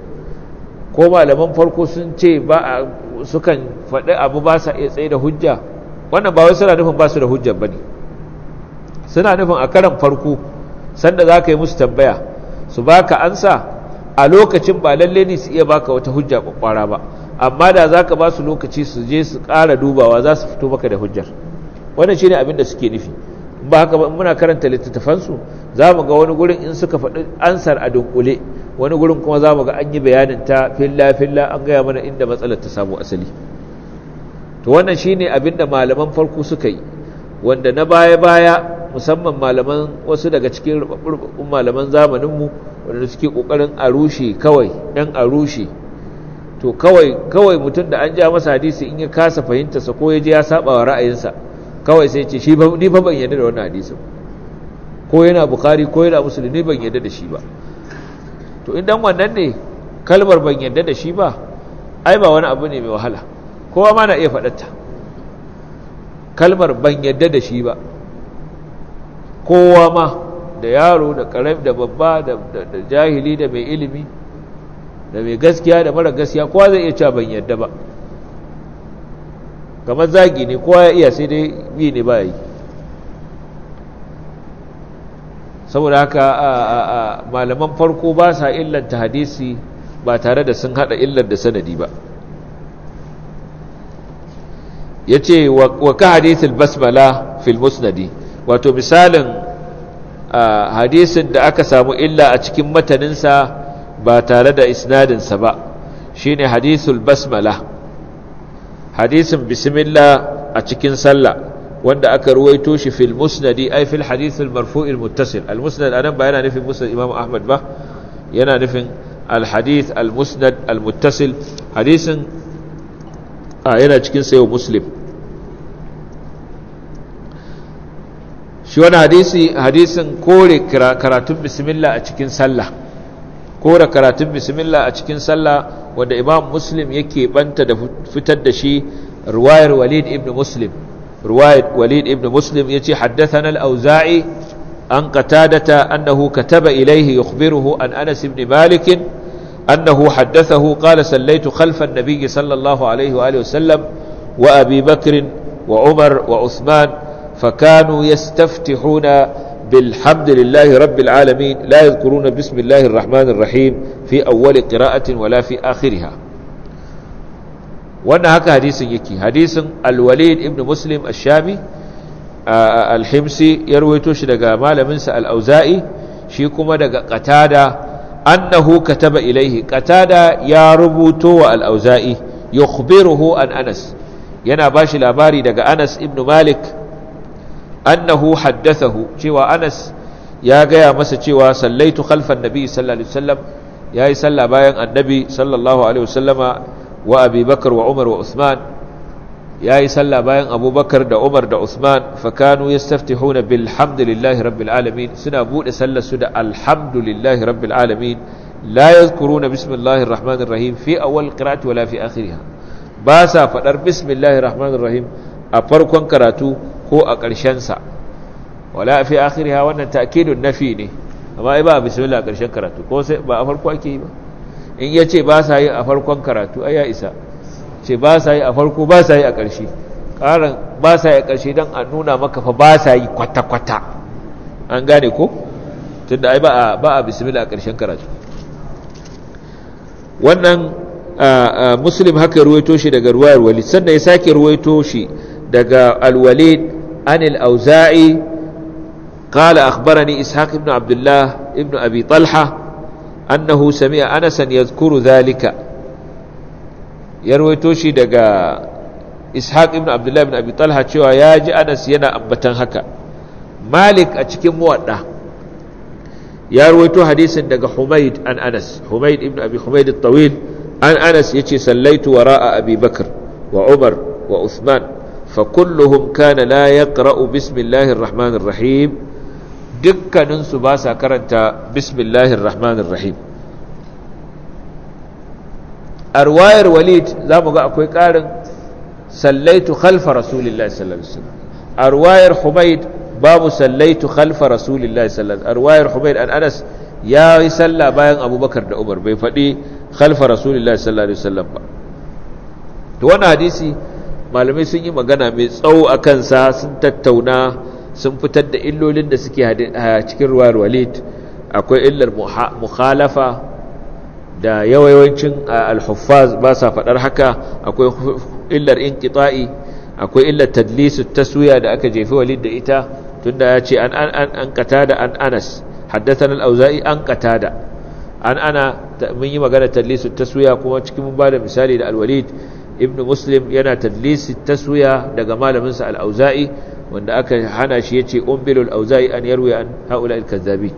ko malaman farko sun ce ba a sukan faɗi abu ba sa iya tsaye da hujja wannan ba wai suna nufin ba su da hujja ba ne suna nufin a karan farko sanda za ka yi musu tambaya su ba ka ansa a lokacin ba lalle ne su iya ba ka wata hujja ƙwaƙwara ba amma da za ka ba su lokaci su je su ƙara dubawa za su fito maka da hujjar wannan shi ne abin da suke nufi ba haka muna karanta littattafansu za mu ga wani gurin in suka faɗi ansar a dunkule wani gurin kuma za mu ga an yi bayanin ta filla-filla an gaya mana inda matsalar ta samu asali to wannan shi ne abinda malaman farko suka yi wanda na baya-baya musamman malaman wasu daga cikin rubabbun malaman zamaninmu wanda suke ƙoƙarin a rushe kawai ɗan a rushe to kawai kawai mutum da an ja masa hadisi in ya kasa fahimtarsa ko ya ji ya saba wa ra'ayinsa kawai sai ce shi ni fa ban yarda da wannan hadisin ko yana bukhari ko yana musulmi ban yarda da shi ba to idan wannan ne kalmar ban yadda da shi ba ai ba wani abu ne mai wahala kowa ma na iya faɗarta kalmar ban yadda da shi ba kowa ma da yaro da ƙaram da babba da jahili da mai ilimi da mai gaskiya da mara gaskiya kowa zai iya cewa ban yadda ba kamar zagi ne kowa ya iya sai dai yi ne ba yi saboda haka malaman farko ba sa illanta hadisi ba tare da sun hada illar da sanadi ba yace wa ka hadithul basmala fil musnadi wato misalin hadisin da aka samu illa a cikin mataninsa ba tare da isnadinsa ba shine hadithul basmala hadisin bismillah a cikin sallah wanda aka ruwaito shi fil musnadi ai fil hadith al marfu' al muttasil al musnad anan ba yana nufin musnad imam ahmad ba yana nufin al hadith al musnad al muttasil hadisin a yana cikin sayo muslim shi wani hadisi hadisin kore karatun bismillah a cikin sallah kore karatun bismillah a cikin sallah wanda imam muslim yake banta da fitar da shi ruwayar walid ibn muslim ruwayat walid ibn muslim yace haddathana al-auza'i an katadata annahu kataba ilayhi yukhbiruhu an anas ibn malik annahu haddathahu qala sallaytu khalfa an-nabiy sallallahu alayhi wa alihi wa sallam wa abi bakr wa umar wa uthman fakanu yastaftihuna بالحمد لله رب العالمين لا يذكرون بسم الله الرحمن الرحيم في أول قراءة ولا في آخرها wannan haka hadisin yake hadisin alwalid ibn muslim ash-shami alhimsi ya rawaito shi daga malaminsa al-auza'i shi kuma daga qatada annahu kataba ilaihi qatada ya rubuto wa al-auza'i yukhbiruhu an anas yana bashi labari daga anas ibn malik annahu haddathahu cewa anas ya gaya masa cewa sallaitu khalfan nabi sallallahu alaihi wasallam yayi sallah bayan annabi sallallahu alaihi wasallama wa abi bakar wa umar wa usman ya yi sallah bayan abubakar da umar da usman fakanu ya stafti huna bilhamdulillahi rabbil alamin suna buɗe sallarsu da alhamdulillahi rabbil alamin la ya kuru na bismillahi rahmanin rahim fi awal karatu wala fi akhiriha ba sa faɗar bismillahi rahmanin rahim a farkon karatu ko a ƙarshensa wala fi akhiriha wannan ta'kidun nafi ne amma ai ba bismillah a ƙarshen karatu ko sai ba a farko ake yi ba in ya ce ba sa yi a farkon karatu ai ya isa ce ba sa yi a farko ba sa yi a ƙarshe ƙarin ba sa yi a ƙarshe don a nuna maka fa ba sa yi kwata-kwata an gane ko tunda ai ba a bismillah a ƙarshen karatu wannan muslim haka ruwaito shi daga ruwayar walid sannan ya sake ruwaito shi daga alwalid an al-auza'i قال أخبرني إسحاق بن عبد الله ابن أبي طلحة annahu sami'a anasan yadhkuru zalika ya rawaito shi daga ishaq ibn abdullah ibn abi talha cewa ya ji anas yana ambatan haka malik a cikin muwadda ya rawaito hadisin daga humaid an anas humaid ibn abi humaid tawil an anas yace sallaitu wara'a abi bakr wa umar wa uthman فكلهم كان kana la بسم الله الرحمن الرحيم dukkaninsu ba sa karanta bismillahir rahmanir rahim Arwayar walid za mu ga akwai ƙarin sallaitu khalfa rasulillahi sallallahu Arwayar humaid babu sallaitu khalfa rasulillahi sallallahu Arwayar humaid an anas ya yi sallah bayan abubakar da umar bai faɗi khalfa rasulillahi sallallahu alaihi ba to wannan hadisi malamai sun yi magana mai tsawo a kansa sun tattauna sun fitar da illolin da suke cikin ruwayar walid akwai illar mukhalafa da yawancin al-huffaz ba sa faɗar haka akwai illar inqita'i akwai illar tadlisu taswiya da aka jefi walid da ita tunda ya ce an an an da an anas Haddatan al-auza'i an da. an ana mun yi magana tadlisu taswiya kuma cikin mun bada misali da al-walid ibn muslim yana tadlisu taswiya daga malaminsa sa al-auza'i wanda aka hana shi ya yace umbilul auza'i an yarwi an haula al-kazzabi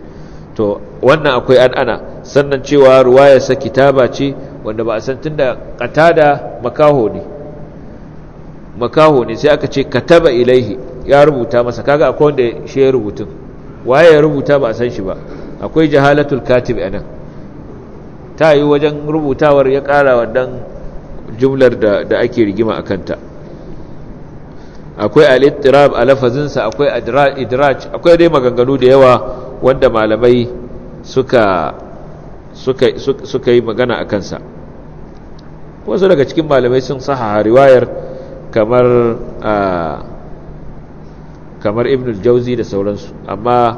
to wannan akwai an sannan cewa ruwaya sa kitaba ce wanda ba a san tunda qatada makaho ne makaho ne sai aka ce kataba ilaihi ya rubuta masa kaga akwai wanda shi ya rubutun waye ya rubuta ba a san shi ba akwai jahalatul katib anan ta yi wajen rubutawar ya kara wannan jumlar da ake rigima a kanta akwai al-ittirab a lafazinsa akwai idraj akwai dai maganganu da yawa wanda malamai suka yi magana a kansa wasu daga cikin malamai sun sahaha riwayar kamar kamar ibn al-jauzi da sauransu amma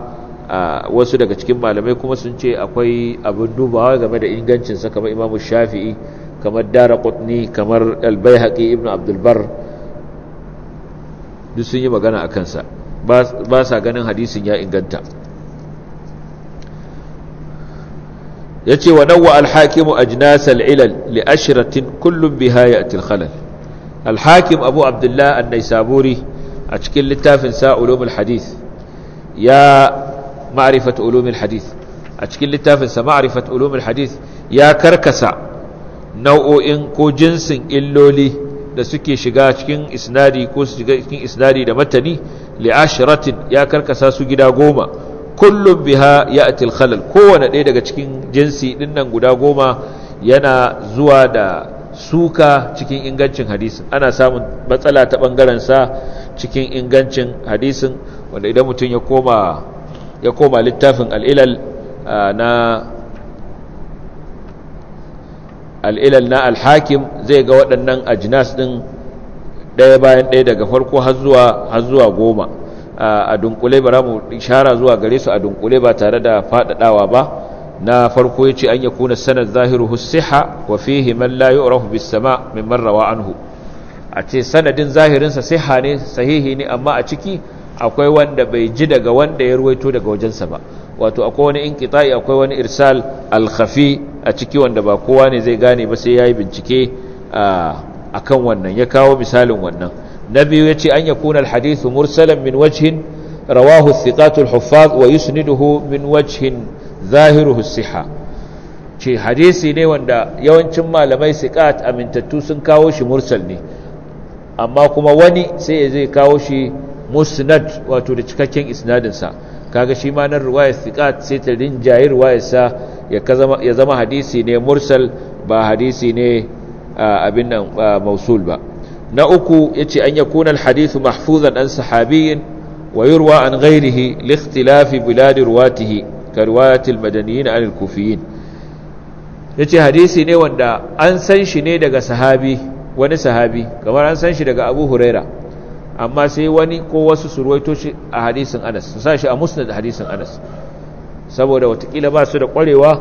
wasu daga cikin malamai kuma sun ce akwai abin dubawa game da ingancinsa kamar imamu shafi'i kamar dara kutni kamar albayhaƙi ibn abdulbar duk sun yi magana a kansa ba sa ganin hadisin ya inganta ya ce wa nawa alhakimu a jinasar ilal li'ashiratin kullum biha ya tilhalar alhakim abu abdullah annai saburi a cikin littafin sa ulumul hadith ya ma'arifat ulumul hadith a cikin littafin sa ma'arifat ulumul hadith ya karkasa nau'o'in ko jinsin illoli da suke shiga cikin isnadi ko su shiga cikin isnadi da matani li ashratin ya karkasa su gida goma kullum biha ya'til khalal kowane ɗaya daga cikin jinsi dinnan guda goma yana zuwa da suka cikin ingancin hadisin ana samun matsala ta bangaren sa cikin ingancin hadisin wanda idan mutum ya koma ya koma littafin al-ilal ah, na al'ilal na alhakim zai ga waɗannan ajinas ɗin ɗaya bayan ɗaya daga farko har zuwa goma a dunkule ba mu ishara zuwa gare su a dunkule ba tare da faɗaɗawa ba na farko ya ce an yi kuna sanar zahiru hussiha wa fihi layu la yu'rafu bis min marrawa anhu a ce sanadin zahirinsa siha ne sahihi ne amma a ciki akwai wanda bai ji daga wanda ya ruwaito daga wajensa ba wato akwai wani inqita'i akwai wani irsal alkafi a ciki wanda ba kowa ne zai gane ba sai yayi bincike akan wannan ya kawo misalin wannan nabi yace an yakuna al-hadithu mursalan min wajhin rawahu thiqatu al-huffaz wa yusniduhu min wajhin zahiruhu siha ce hadisi ne wanda yawancin malamai siqat amintattu sun kawo shi mursal ne amma kuma wani sai zai kawo shi musnad wato da cikakken isnadinsa kaga shi ma nan ruwayar siqat sai ta rinjayi ruwayarsa ya ya zama hadisi ne mursal ba hadisi ne abin nan mausul ba na uku yace an yakuna alhadithu mahfuzan an sahabiyin wa yurwa an ghayrihi li ikhtilaf bilad ruwatihi ka riwayat almadaniyin an alkufiyin yace hadisi ne wanda an san shi ne daga sahabi wani sahabi kamar an san shi daga Abu Huraira amma sai wani ko wasu su ruwaito shi a hadisin anas su sa shi a musnad hadisin anas saboda watakila ba su da kwarewa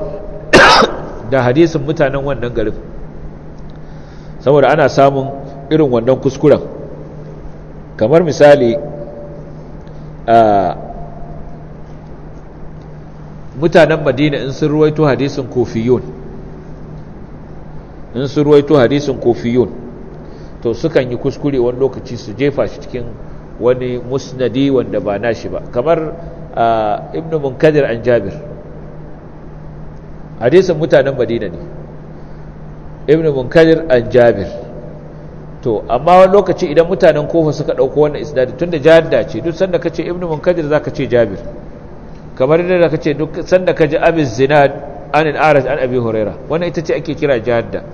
da hadisin mutanen wannan garin saboda ana samun irin wannan kuskuren kamar misali a mutanen madina in sun ruwaito hadisin kofiyon in sun ruwaito hadisin kofiyon. to sukan yi kuskure wani lokaci su jefa shi cikin wani musnadi wanda ba na shi ba kamar ibn munkadir an jabir hadisin mutanen madina ne ibn munkadir an jabir to amma wani lokaci idan mutanen kofa suka ɗauko wannan isnadi da jadda ce duk sanda ka ce ibn munkadir za ka ce jabir kamar yadda ce duk sanda ka ji abin zinad an al-araj an abi huraira wannan ita ce ake kira jadda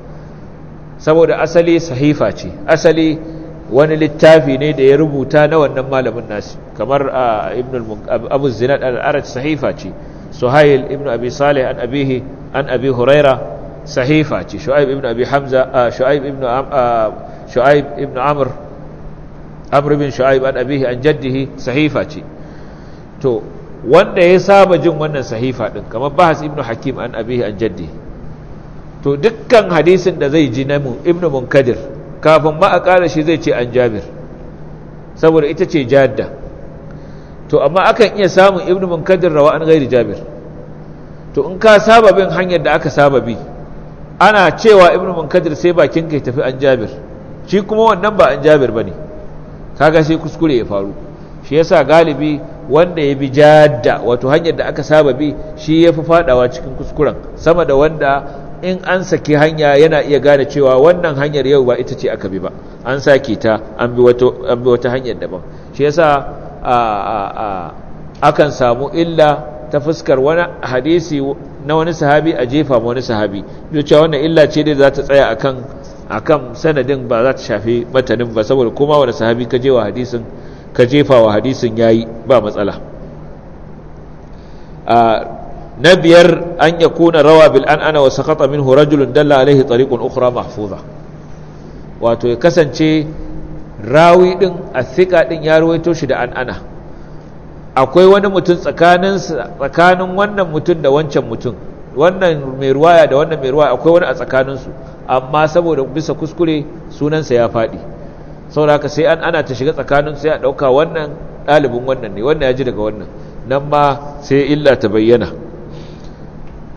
saboda asali sahifa ce asali wani littafi ne da ya rubuta na wannan malamin nasi kamar ibn abu zinad al-arad sahifa ce suhail ibn abi salih an abihi an abi huraira sahifa ce shu'aib ibn abi hamza shu'aib ibn shu'aib ibn amr amr bin shu'aib an abihi an jaddihi sahifa ce to wanda ya saba jin wannan sahifa din kamar bahas ibn hakim an abihi an jaddihi to dukkan hadisin da zai ji na Ibn munkadir kafin ma a ƙara shi zai ce an jabir saboda ita ce jadda to amma akan iya samun ibnu munkadir rawa an gairi jabir to in ka saba bin hanyar da aka saba bi ana cewa ibnu munkadir sai bakin kai tafi an jabir shi kuma wannan ba an jabir bane kaga sai kuskure ya faru shi yasa galibi wanda ya bi jadda wato hanyar da aka saba bi shi ya fi fadawa cikin kuskuren sama da wanda in an saki hanya yana iya gane cewa wannan hanyar yau ba ita ce aka bi ba an sake ta an bi wata hanyar daban shi yasa akan samu illa ta fuskar wani hadisi na wani sahabi a jefa wani sahabi duk cewa wannan illa ce dai za ta tsaya akan akan sanadin ba za ta shafi matanin ba saboda kuma wani sahabi ka jewa hadisin ka jefa wa hadisin yayi ba matsala na biyar an ya kuna rawa bil an'ana wa sakata minhu rajulun dalla alaihi tariqun ukhra mahfuza wato ya kasance rawi din a athika din ya ruwaito shi da ana akwai wani mutum tsakanin wannan mutum da wancan mutum wannan mai ruwaya da wannan mai ruwaya akwai wani a tsakaninsu. amma saboda bisa kuskure sunansa ya faɗi sauraka sai an ana ta shiga tsakanin sai a ɗauka wannan ɗalibin wannan ne wannan ya ji daga wannan nan ma sai illa ta bayyana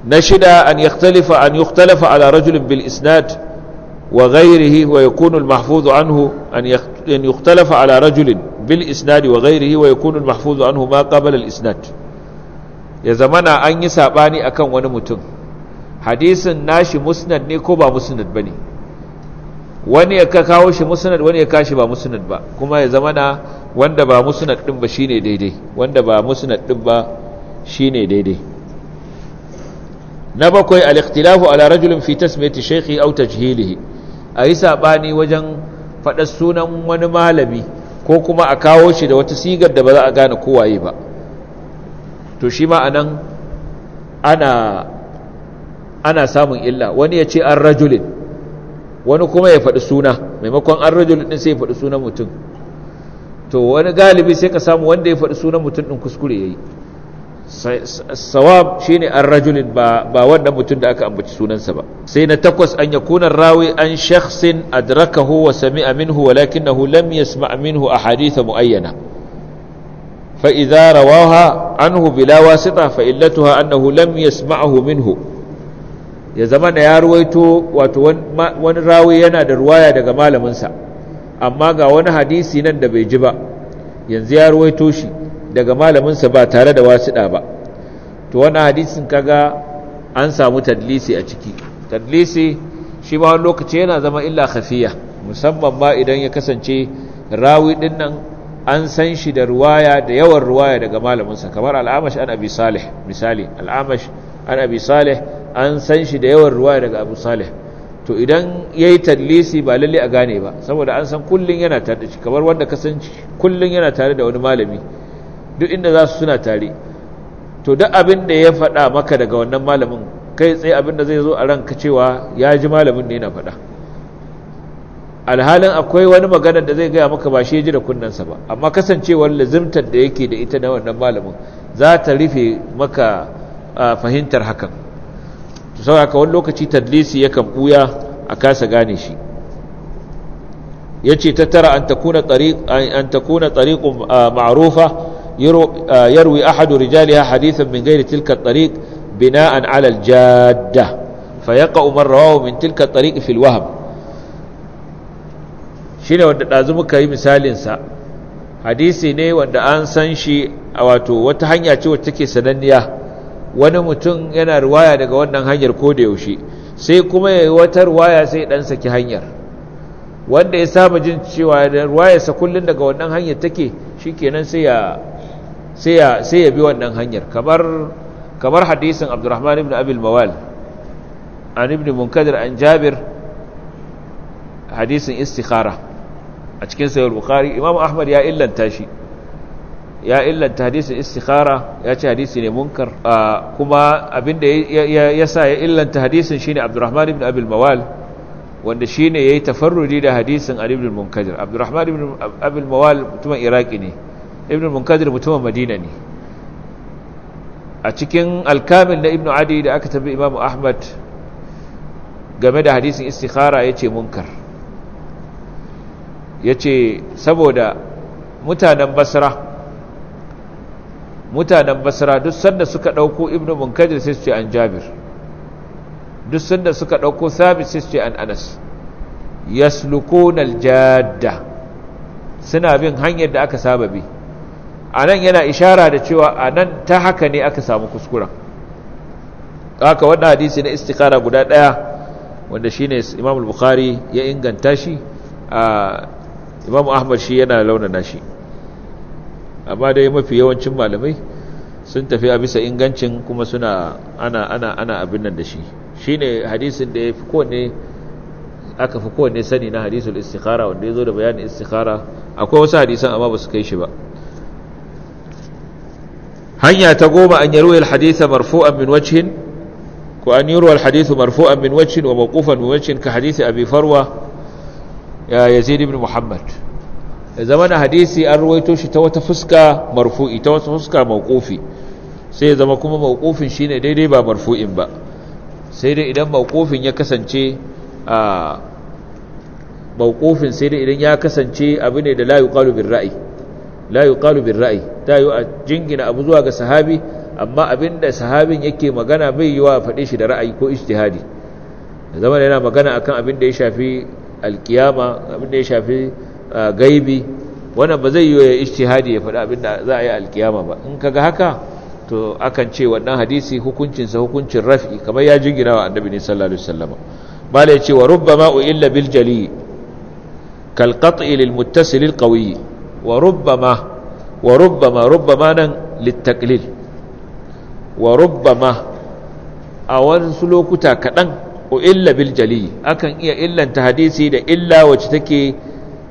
na shida an yakhtalifa an yukhtalafa ala rajulin bil isnad wa ghayrihi wa yakunu al mahfuz anhu an yukhtalafa ala rajulin bil isnad wa ghayrihi wa yakunu al mahfuz anhu ma qabala al isnad ya zamana an yi sabani akan wani mutum hadisin nashi musnad ne ko ba musnad bane wani ya kawo shi musnad wani ya kashi ba musnad ba kuma ya zamana wanda ba musnad din ba shine daidai wanda ba musnad din ba shine daidai na bakwai al-ikhtilafu ala mai fi tasmiyati shaykhi aw tajhilihi ayi sabani wajen faɗa sunan wani malami ko kuma a kawo shi da wata sigar da ba za a gane kowaye ba to shi ma anan ana samun illa wani ya ce an rajulin wani kuma ya faɗi suna maimakon an rajulin ɗin sai ya faɗi sunan mutum to wani galibi sai ka samu wanda ya faɗi sunan mutum ɗin kuskure ya yi sawab shine an rajulin ba wanda mutum da aka ambaci sunansa ba sai na takwas an yakuna rawi an shakhsin adrakahu wa sami'a minhu walakinahu lam yasma' minhu ahadith muayyana fa idza rawaha anhu bila wasita fa illatuha annahu lam yasma'hu minhu ya zama da ya ruwaito wato wani rawi yana da ruwaya daga malaminsa amma ga wani hadisi nan da bai ji ba yanzu ya ruwaito shi daga malaminsa ba tare da wasiɗa ba to wani hadisin kaga an samu tadlisi a ciki tadlisi shi ba wani lokaci yana zama illa khafiya musamman ba idan ya kasance rawi din nan an san shi da ruwaya da yawan ruwaya daga malaminsa kamar al'amash an abi salih misali al'amash an abi salih an san shi da yawan ruwaya daga abu salih to idan ya yi tadlisi ba lalle a gane ba saboda an san kullum yana tare da shi kamar wanda kasance kullum yana tare da wani malami duk inda za su suna tare to duk abin da ya faɗa maka daga wannan malamin kai tsaye abin da zai zo a ranka cewa ya ji malamin ne na faɗa alhalin akwai wani magana da zai gaya maka ba shi ji da kunnansa ba amma kasancewar lazimtar da yake da ita na wannan malamin za ta rufe maka fahimtar hakan to saboda wani lokaci tadlisi yakan buya a kasa gane shi yace ta tara an takuna tariq an ma'rufa يروي أحد رجالها حديثا من غير تلك الطريق بناء على الجادة فيقع من رواه من تلك الطريق في الوهم shine wanda ɗazu muka yi misalinsa hadisi ne wanda an san shi wato wata hanya ce wacce take sananniya wani mutum yana ruwaya daga wannan hanyar ko da yaushe sai kuma ya yi wata ruwaya sai ɗan saki hanyar wanda ya saba jin cewa da ruwayarsa kullum daga wannan hanyar take kenan sai ya sai ya sai ya bi wannan hanyar kamar kamar hadisin Abdurrahman ibn Abil Mawal an ibn Munkadir an Jabir hadisin istikhara a cikin sahih bukari Imam Ahmad ya illanta shi ya illanta hadisin istikhara ya ce hadisi ne munkar kuma abinda ya sa ya illanta hadisin shine Abdurrahman ibn Abil Mawal wanda shine ya yi tafarrudi da hadisin Ali ibn Munkadir Abdurrahman ibn Abil Mawal mutumin Iraki ne ibn munkadir mutumin madina ne a cikin alkamin na ibn adi da aka tabi imamu ahmad game da hadisin istikhara ya ce munkar ya ce saboda mutanen basra mutanen basra duk sanda suka ɗauko ibn munkadir sai su ce an jabir duk sanda suka ɗauko sabis sai su ce an anas yaslukuna aljadda suna bin hanyar da aka saba bi a nan yana ishara da cewa a nan ta haka ne aka samu kuskuren haka wannan hadisi na istikara guda ɗaya wanda shi ne imam al-bukhari ya inganta shi a imam ahmad shi yana launana shi amma dai mafi yawancin malamai sun tafi a bisa ingancin kuma suna ana ana ana abin nan da shi shine hadisin da ya fi kowane aka fi kowane sani na hadisul istikara. wanda ya zo da bayanin istikara. akwai wasu hadisan amma ba su kai shi ba hanya ta goma an yarwa haditha marfu'an min wajhin ko an al-haditha marfu'an min wajhin wa mawqufan min wajhin ka hadisi abi farwa ya yazid ibn muhammad zamana hadisi an ruwaito shi ta wata fuska marfu'i ta wata fuska mawqufi sai ya zama kuma mawqufin shine daidai ba marfu'in ba sai dai idan mawqufin ya kasance a mawqufin sai dai idan ya kasance abu ne da la yuqalu bil ra'i la yuqalu bil ra'i ta yi a jingina abu zuwa ga sahabi amma abinda sahabin yake magana bai yi wa faɗe shi da ra'ayi ko ijtihadi zama yana magana akan abin da ya shafi alkiyama abin da ya shafi gaibi wannan ba zai yi wa ijtihadi ya faɗi abin da za a yi alkiyama ba in kaga haka to akan ce wannan hadisi hukuncinsa hukuncin raf'i kamar ya jingina wa annabi ne sallallahu alaihi wasallam bala ya ce wa rubbama uilla bil jali kal qat'i lil muttasil al qawi wa rubbama wa rubbama rubbama nan littaklil wa a wasu lokuta kaɗan o illa biljali akan iya illanta hadisi da illa wacce take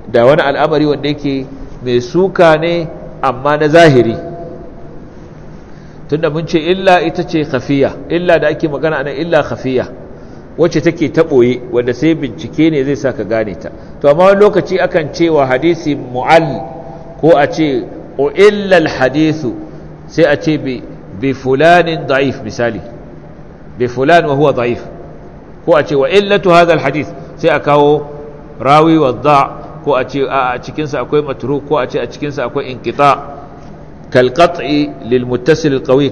da wani al'amari wanda yake mai suka ne amma na zahiri tunda mun ce illa ita ce khafiya illa da ake magana anan illa khafiya wacce take taboye wanda sai bincike ne zai saka gane ta to amma wani lokaci akan cewa hadisi mu'all ko a ce o illal hadithu sai a ce bi fulanin misali bi fulan wa huwa ko a ce wa illatu hadha alhadith sai a kawo rawi wa da ko a ce a cikinsa akwai matruk ko a ce a cikinsa akwai inqita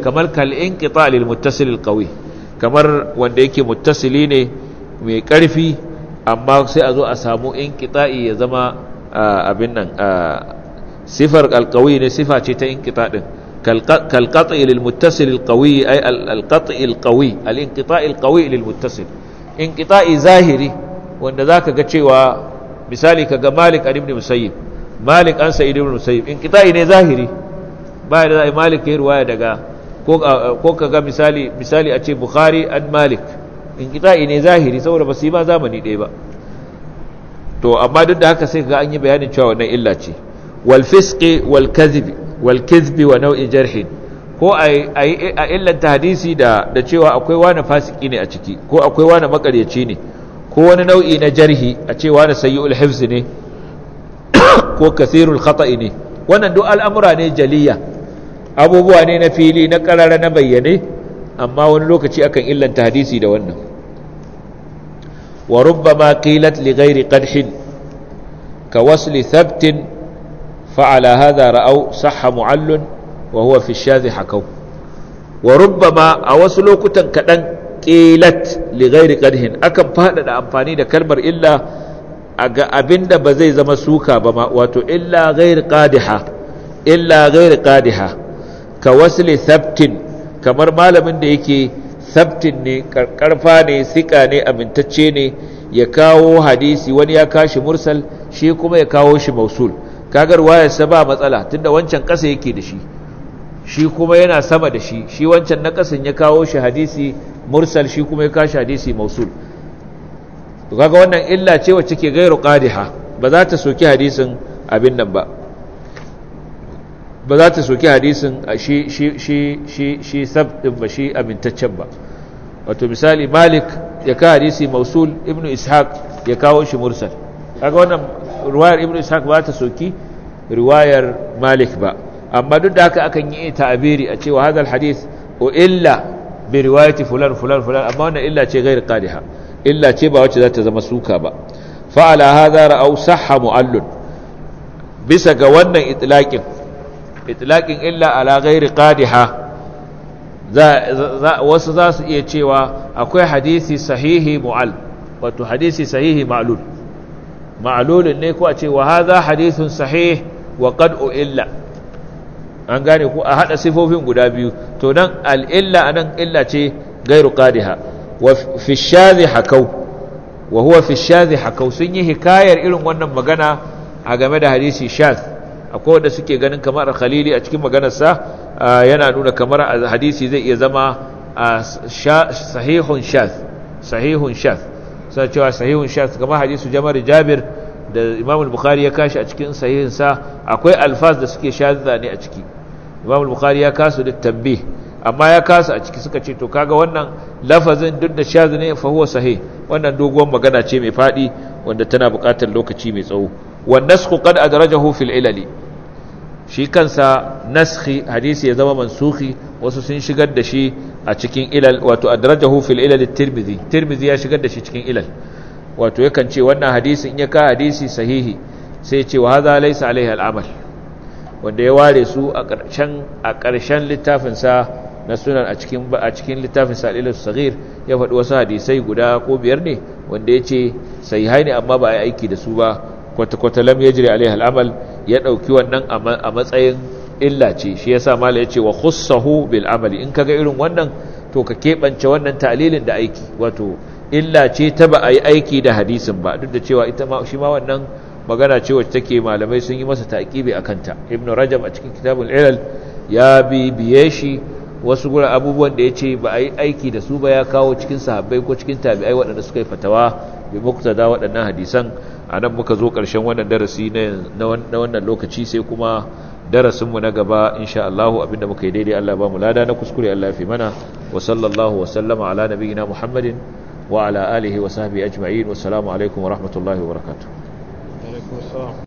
kamar kamar wanda yake muttasili ne mai karfi amma sai a zo a samu inqita'i ya zama abin sifar alqawi ne sifa ce ta inqita din kalqati lil muttasil alqawi ay alqati alqawi alinqita alqawi lil muttasil inqita'i zahiri wanda za ka ga cewa misali kaga malik ibn musayyib malik an sa'id ibn musayyib inqita'i ne zahiri baya da zai malik ya ruwaya daga ko kaga misali misali a ce bukhari an malik inqita'i ne zahiri saboda ba su yi ma zamani ɗaya ba to amma duk da haka sai ga an yi bayanin cewa wannan illa ce wal fisqi wal kadhib wa nau'i jarhin ko a illanta hadisi da da cewa akwai wani fasiki ne a ciki ko akwai wani makaryaci ne ko wani nau'i na jarhi a cewa na sayyul hifz ne ko kasirul khata'i ne wannan duk al'amura ne jaliya abubuwa ne na fili na karara na bayyane amma wani lokaci akan illanta hadisi da wannan wa rubbama qilat li ghairi qadhin ka wasli thabtin فعلى هذا رأوا صح معل وهو في الشاذ lokutan وربما أوصلوا كتن كتن قيلت لغير قده أكم فهدنا أمفاني كلمر إلا abinda ba zai zama suka ba ma wato illa ghair qadiha illa ghair qadiha ka kamar malamin da yake thabtin ne karkarfa ne sika ne amintacce ne ya kawo hadisi wani ya kashi mursal shi kuma ya kawo shi mausul kagar wayarsa ba matsala tunda wancan ƙasa yake da shi shi kuma yana sama da shi shi wancan na ƙasan ya kawo shi hadisi mursal shi kuma ya kashi hadisi mausul to kaga wannan illa ce wacce ke gairu qadiha ba za ta soki hadisin abin nan ba ba za ta soki hadisin shi shi shi shi shi sabdin ba shi amintaccen ba wato misali malik ya kawo hadisi mausul ibnu ishaq ya kawo shi mursal kaga wannan ruwayar ibn ishaq ba ta soki riwayar malik ba amma duk da haka akan yi ta'abiri a cewa hadal hadith o illa bi riwayati fulan fulan fulan amma wannan illa ce ghair qadiha illa ce ba wacce za ta zama suka ba fa ala hadha ra'aw sahha mu'allun bisa ga wannan itlaqin itlaqin illa ala ghair qadiha wasu za su iya cewa akwai hadisi sahihi mu'al wato hadisi sahihi ma'lul ma'alulun ne ko a ce wa hadha hadithun sahih wa qad'u illa an gane ko a hada sifofin guda biyu to nan al illa anan illa ce gairu qadiha wa fi shadhi hakau wa huwa fi shadhi hakau sun yi hikayar irin wannan magana a game da hadisi shadh akwai wanda suke ganin kamar khalili a cikin maganarsa yana nuna kamar hadisi zai iya zama sahihun shadh sahihun shadh suna cewa sahihun shaz kamar hadisu jamar jabir da imamul bukhari ya kashi a cikin sahihin sa akwai alfaz da suke shadda ne a ciki imamul bukhari ya kasu da tambih amma ya kasu a ciki suka ce to kaga wannan lafazin duk da shadda ne fa huwa sahih wannan doguwar magana ce mai fadi wanda tana bukatar lokaci mai tsawo wan nasxu qad adrajahu fil ilali shi kansa naskhi hadisi ya zama mansuhi wasu sun shigar da shi a cikin ilal wato adrajahu fil ilal tirmidhi tirmidhi ya shigar da shi cikin ilal wato yakan ce wannan hadisi in ya ka hadisi sahihi sai ce wa hadha laysa alaihi al'amal wanda ya ware su a ƙarshen a ƙarshen littafin sa na sunan a cikin a cikin littafin sa ilal saghir ya faɗi wasu hadisai guda ko biyar ne wanda ya ce sahihai ne amma ba a yi aiki da su ba kwata-kwata lam yajri alaihi al'amal. ya ɗauki wannan a matsayin illa ce shi yasa mala ce wa khussahu bil amali in kaga irin wannan to ka keɓance wannan ta'lilin da aiki wato illa ce ta ba a yi aiki da hadisin ba duk da cewa ita shi ma wannan magana ce wacce take malamai sun yi masa ta'kibi a kanta, ibnu rajab a cikin kitabul ilal ya bibiye shi wasu gura abubuwan da ya ce ba a yi aiki da su ba ya kawo cikin sahabbai ko cikin tabi'ai waɗanda suka yi fatawa bi muktada waɗannan hadisan a nan muka zo ƙarshen wannan darasi na wannan lokaci sai kuma darasinmu na gaba insha Allah abinda muka yi daidai Allah ba mu lada na kuskure Allah fi mana wa sallallahu wa sallama ala nabiyina Muhammadin wa ala alihi wa sahbihi ajma'in wa assalamu alaikum wa rahmatullahi wa barakatuh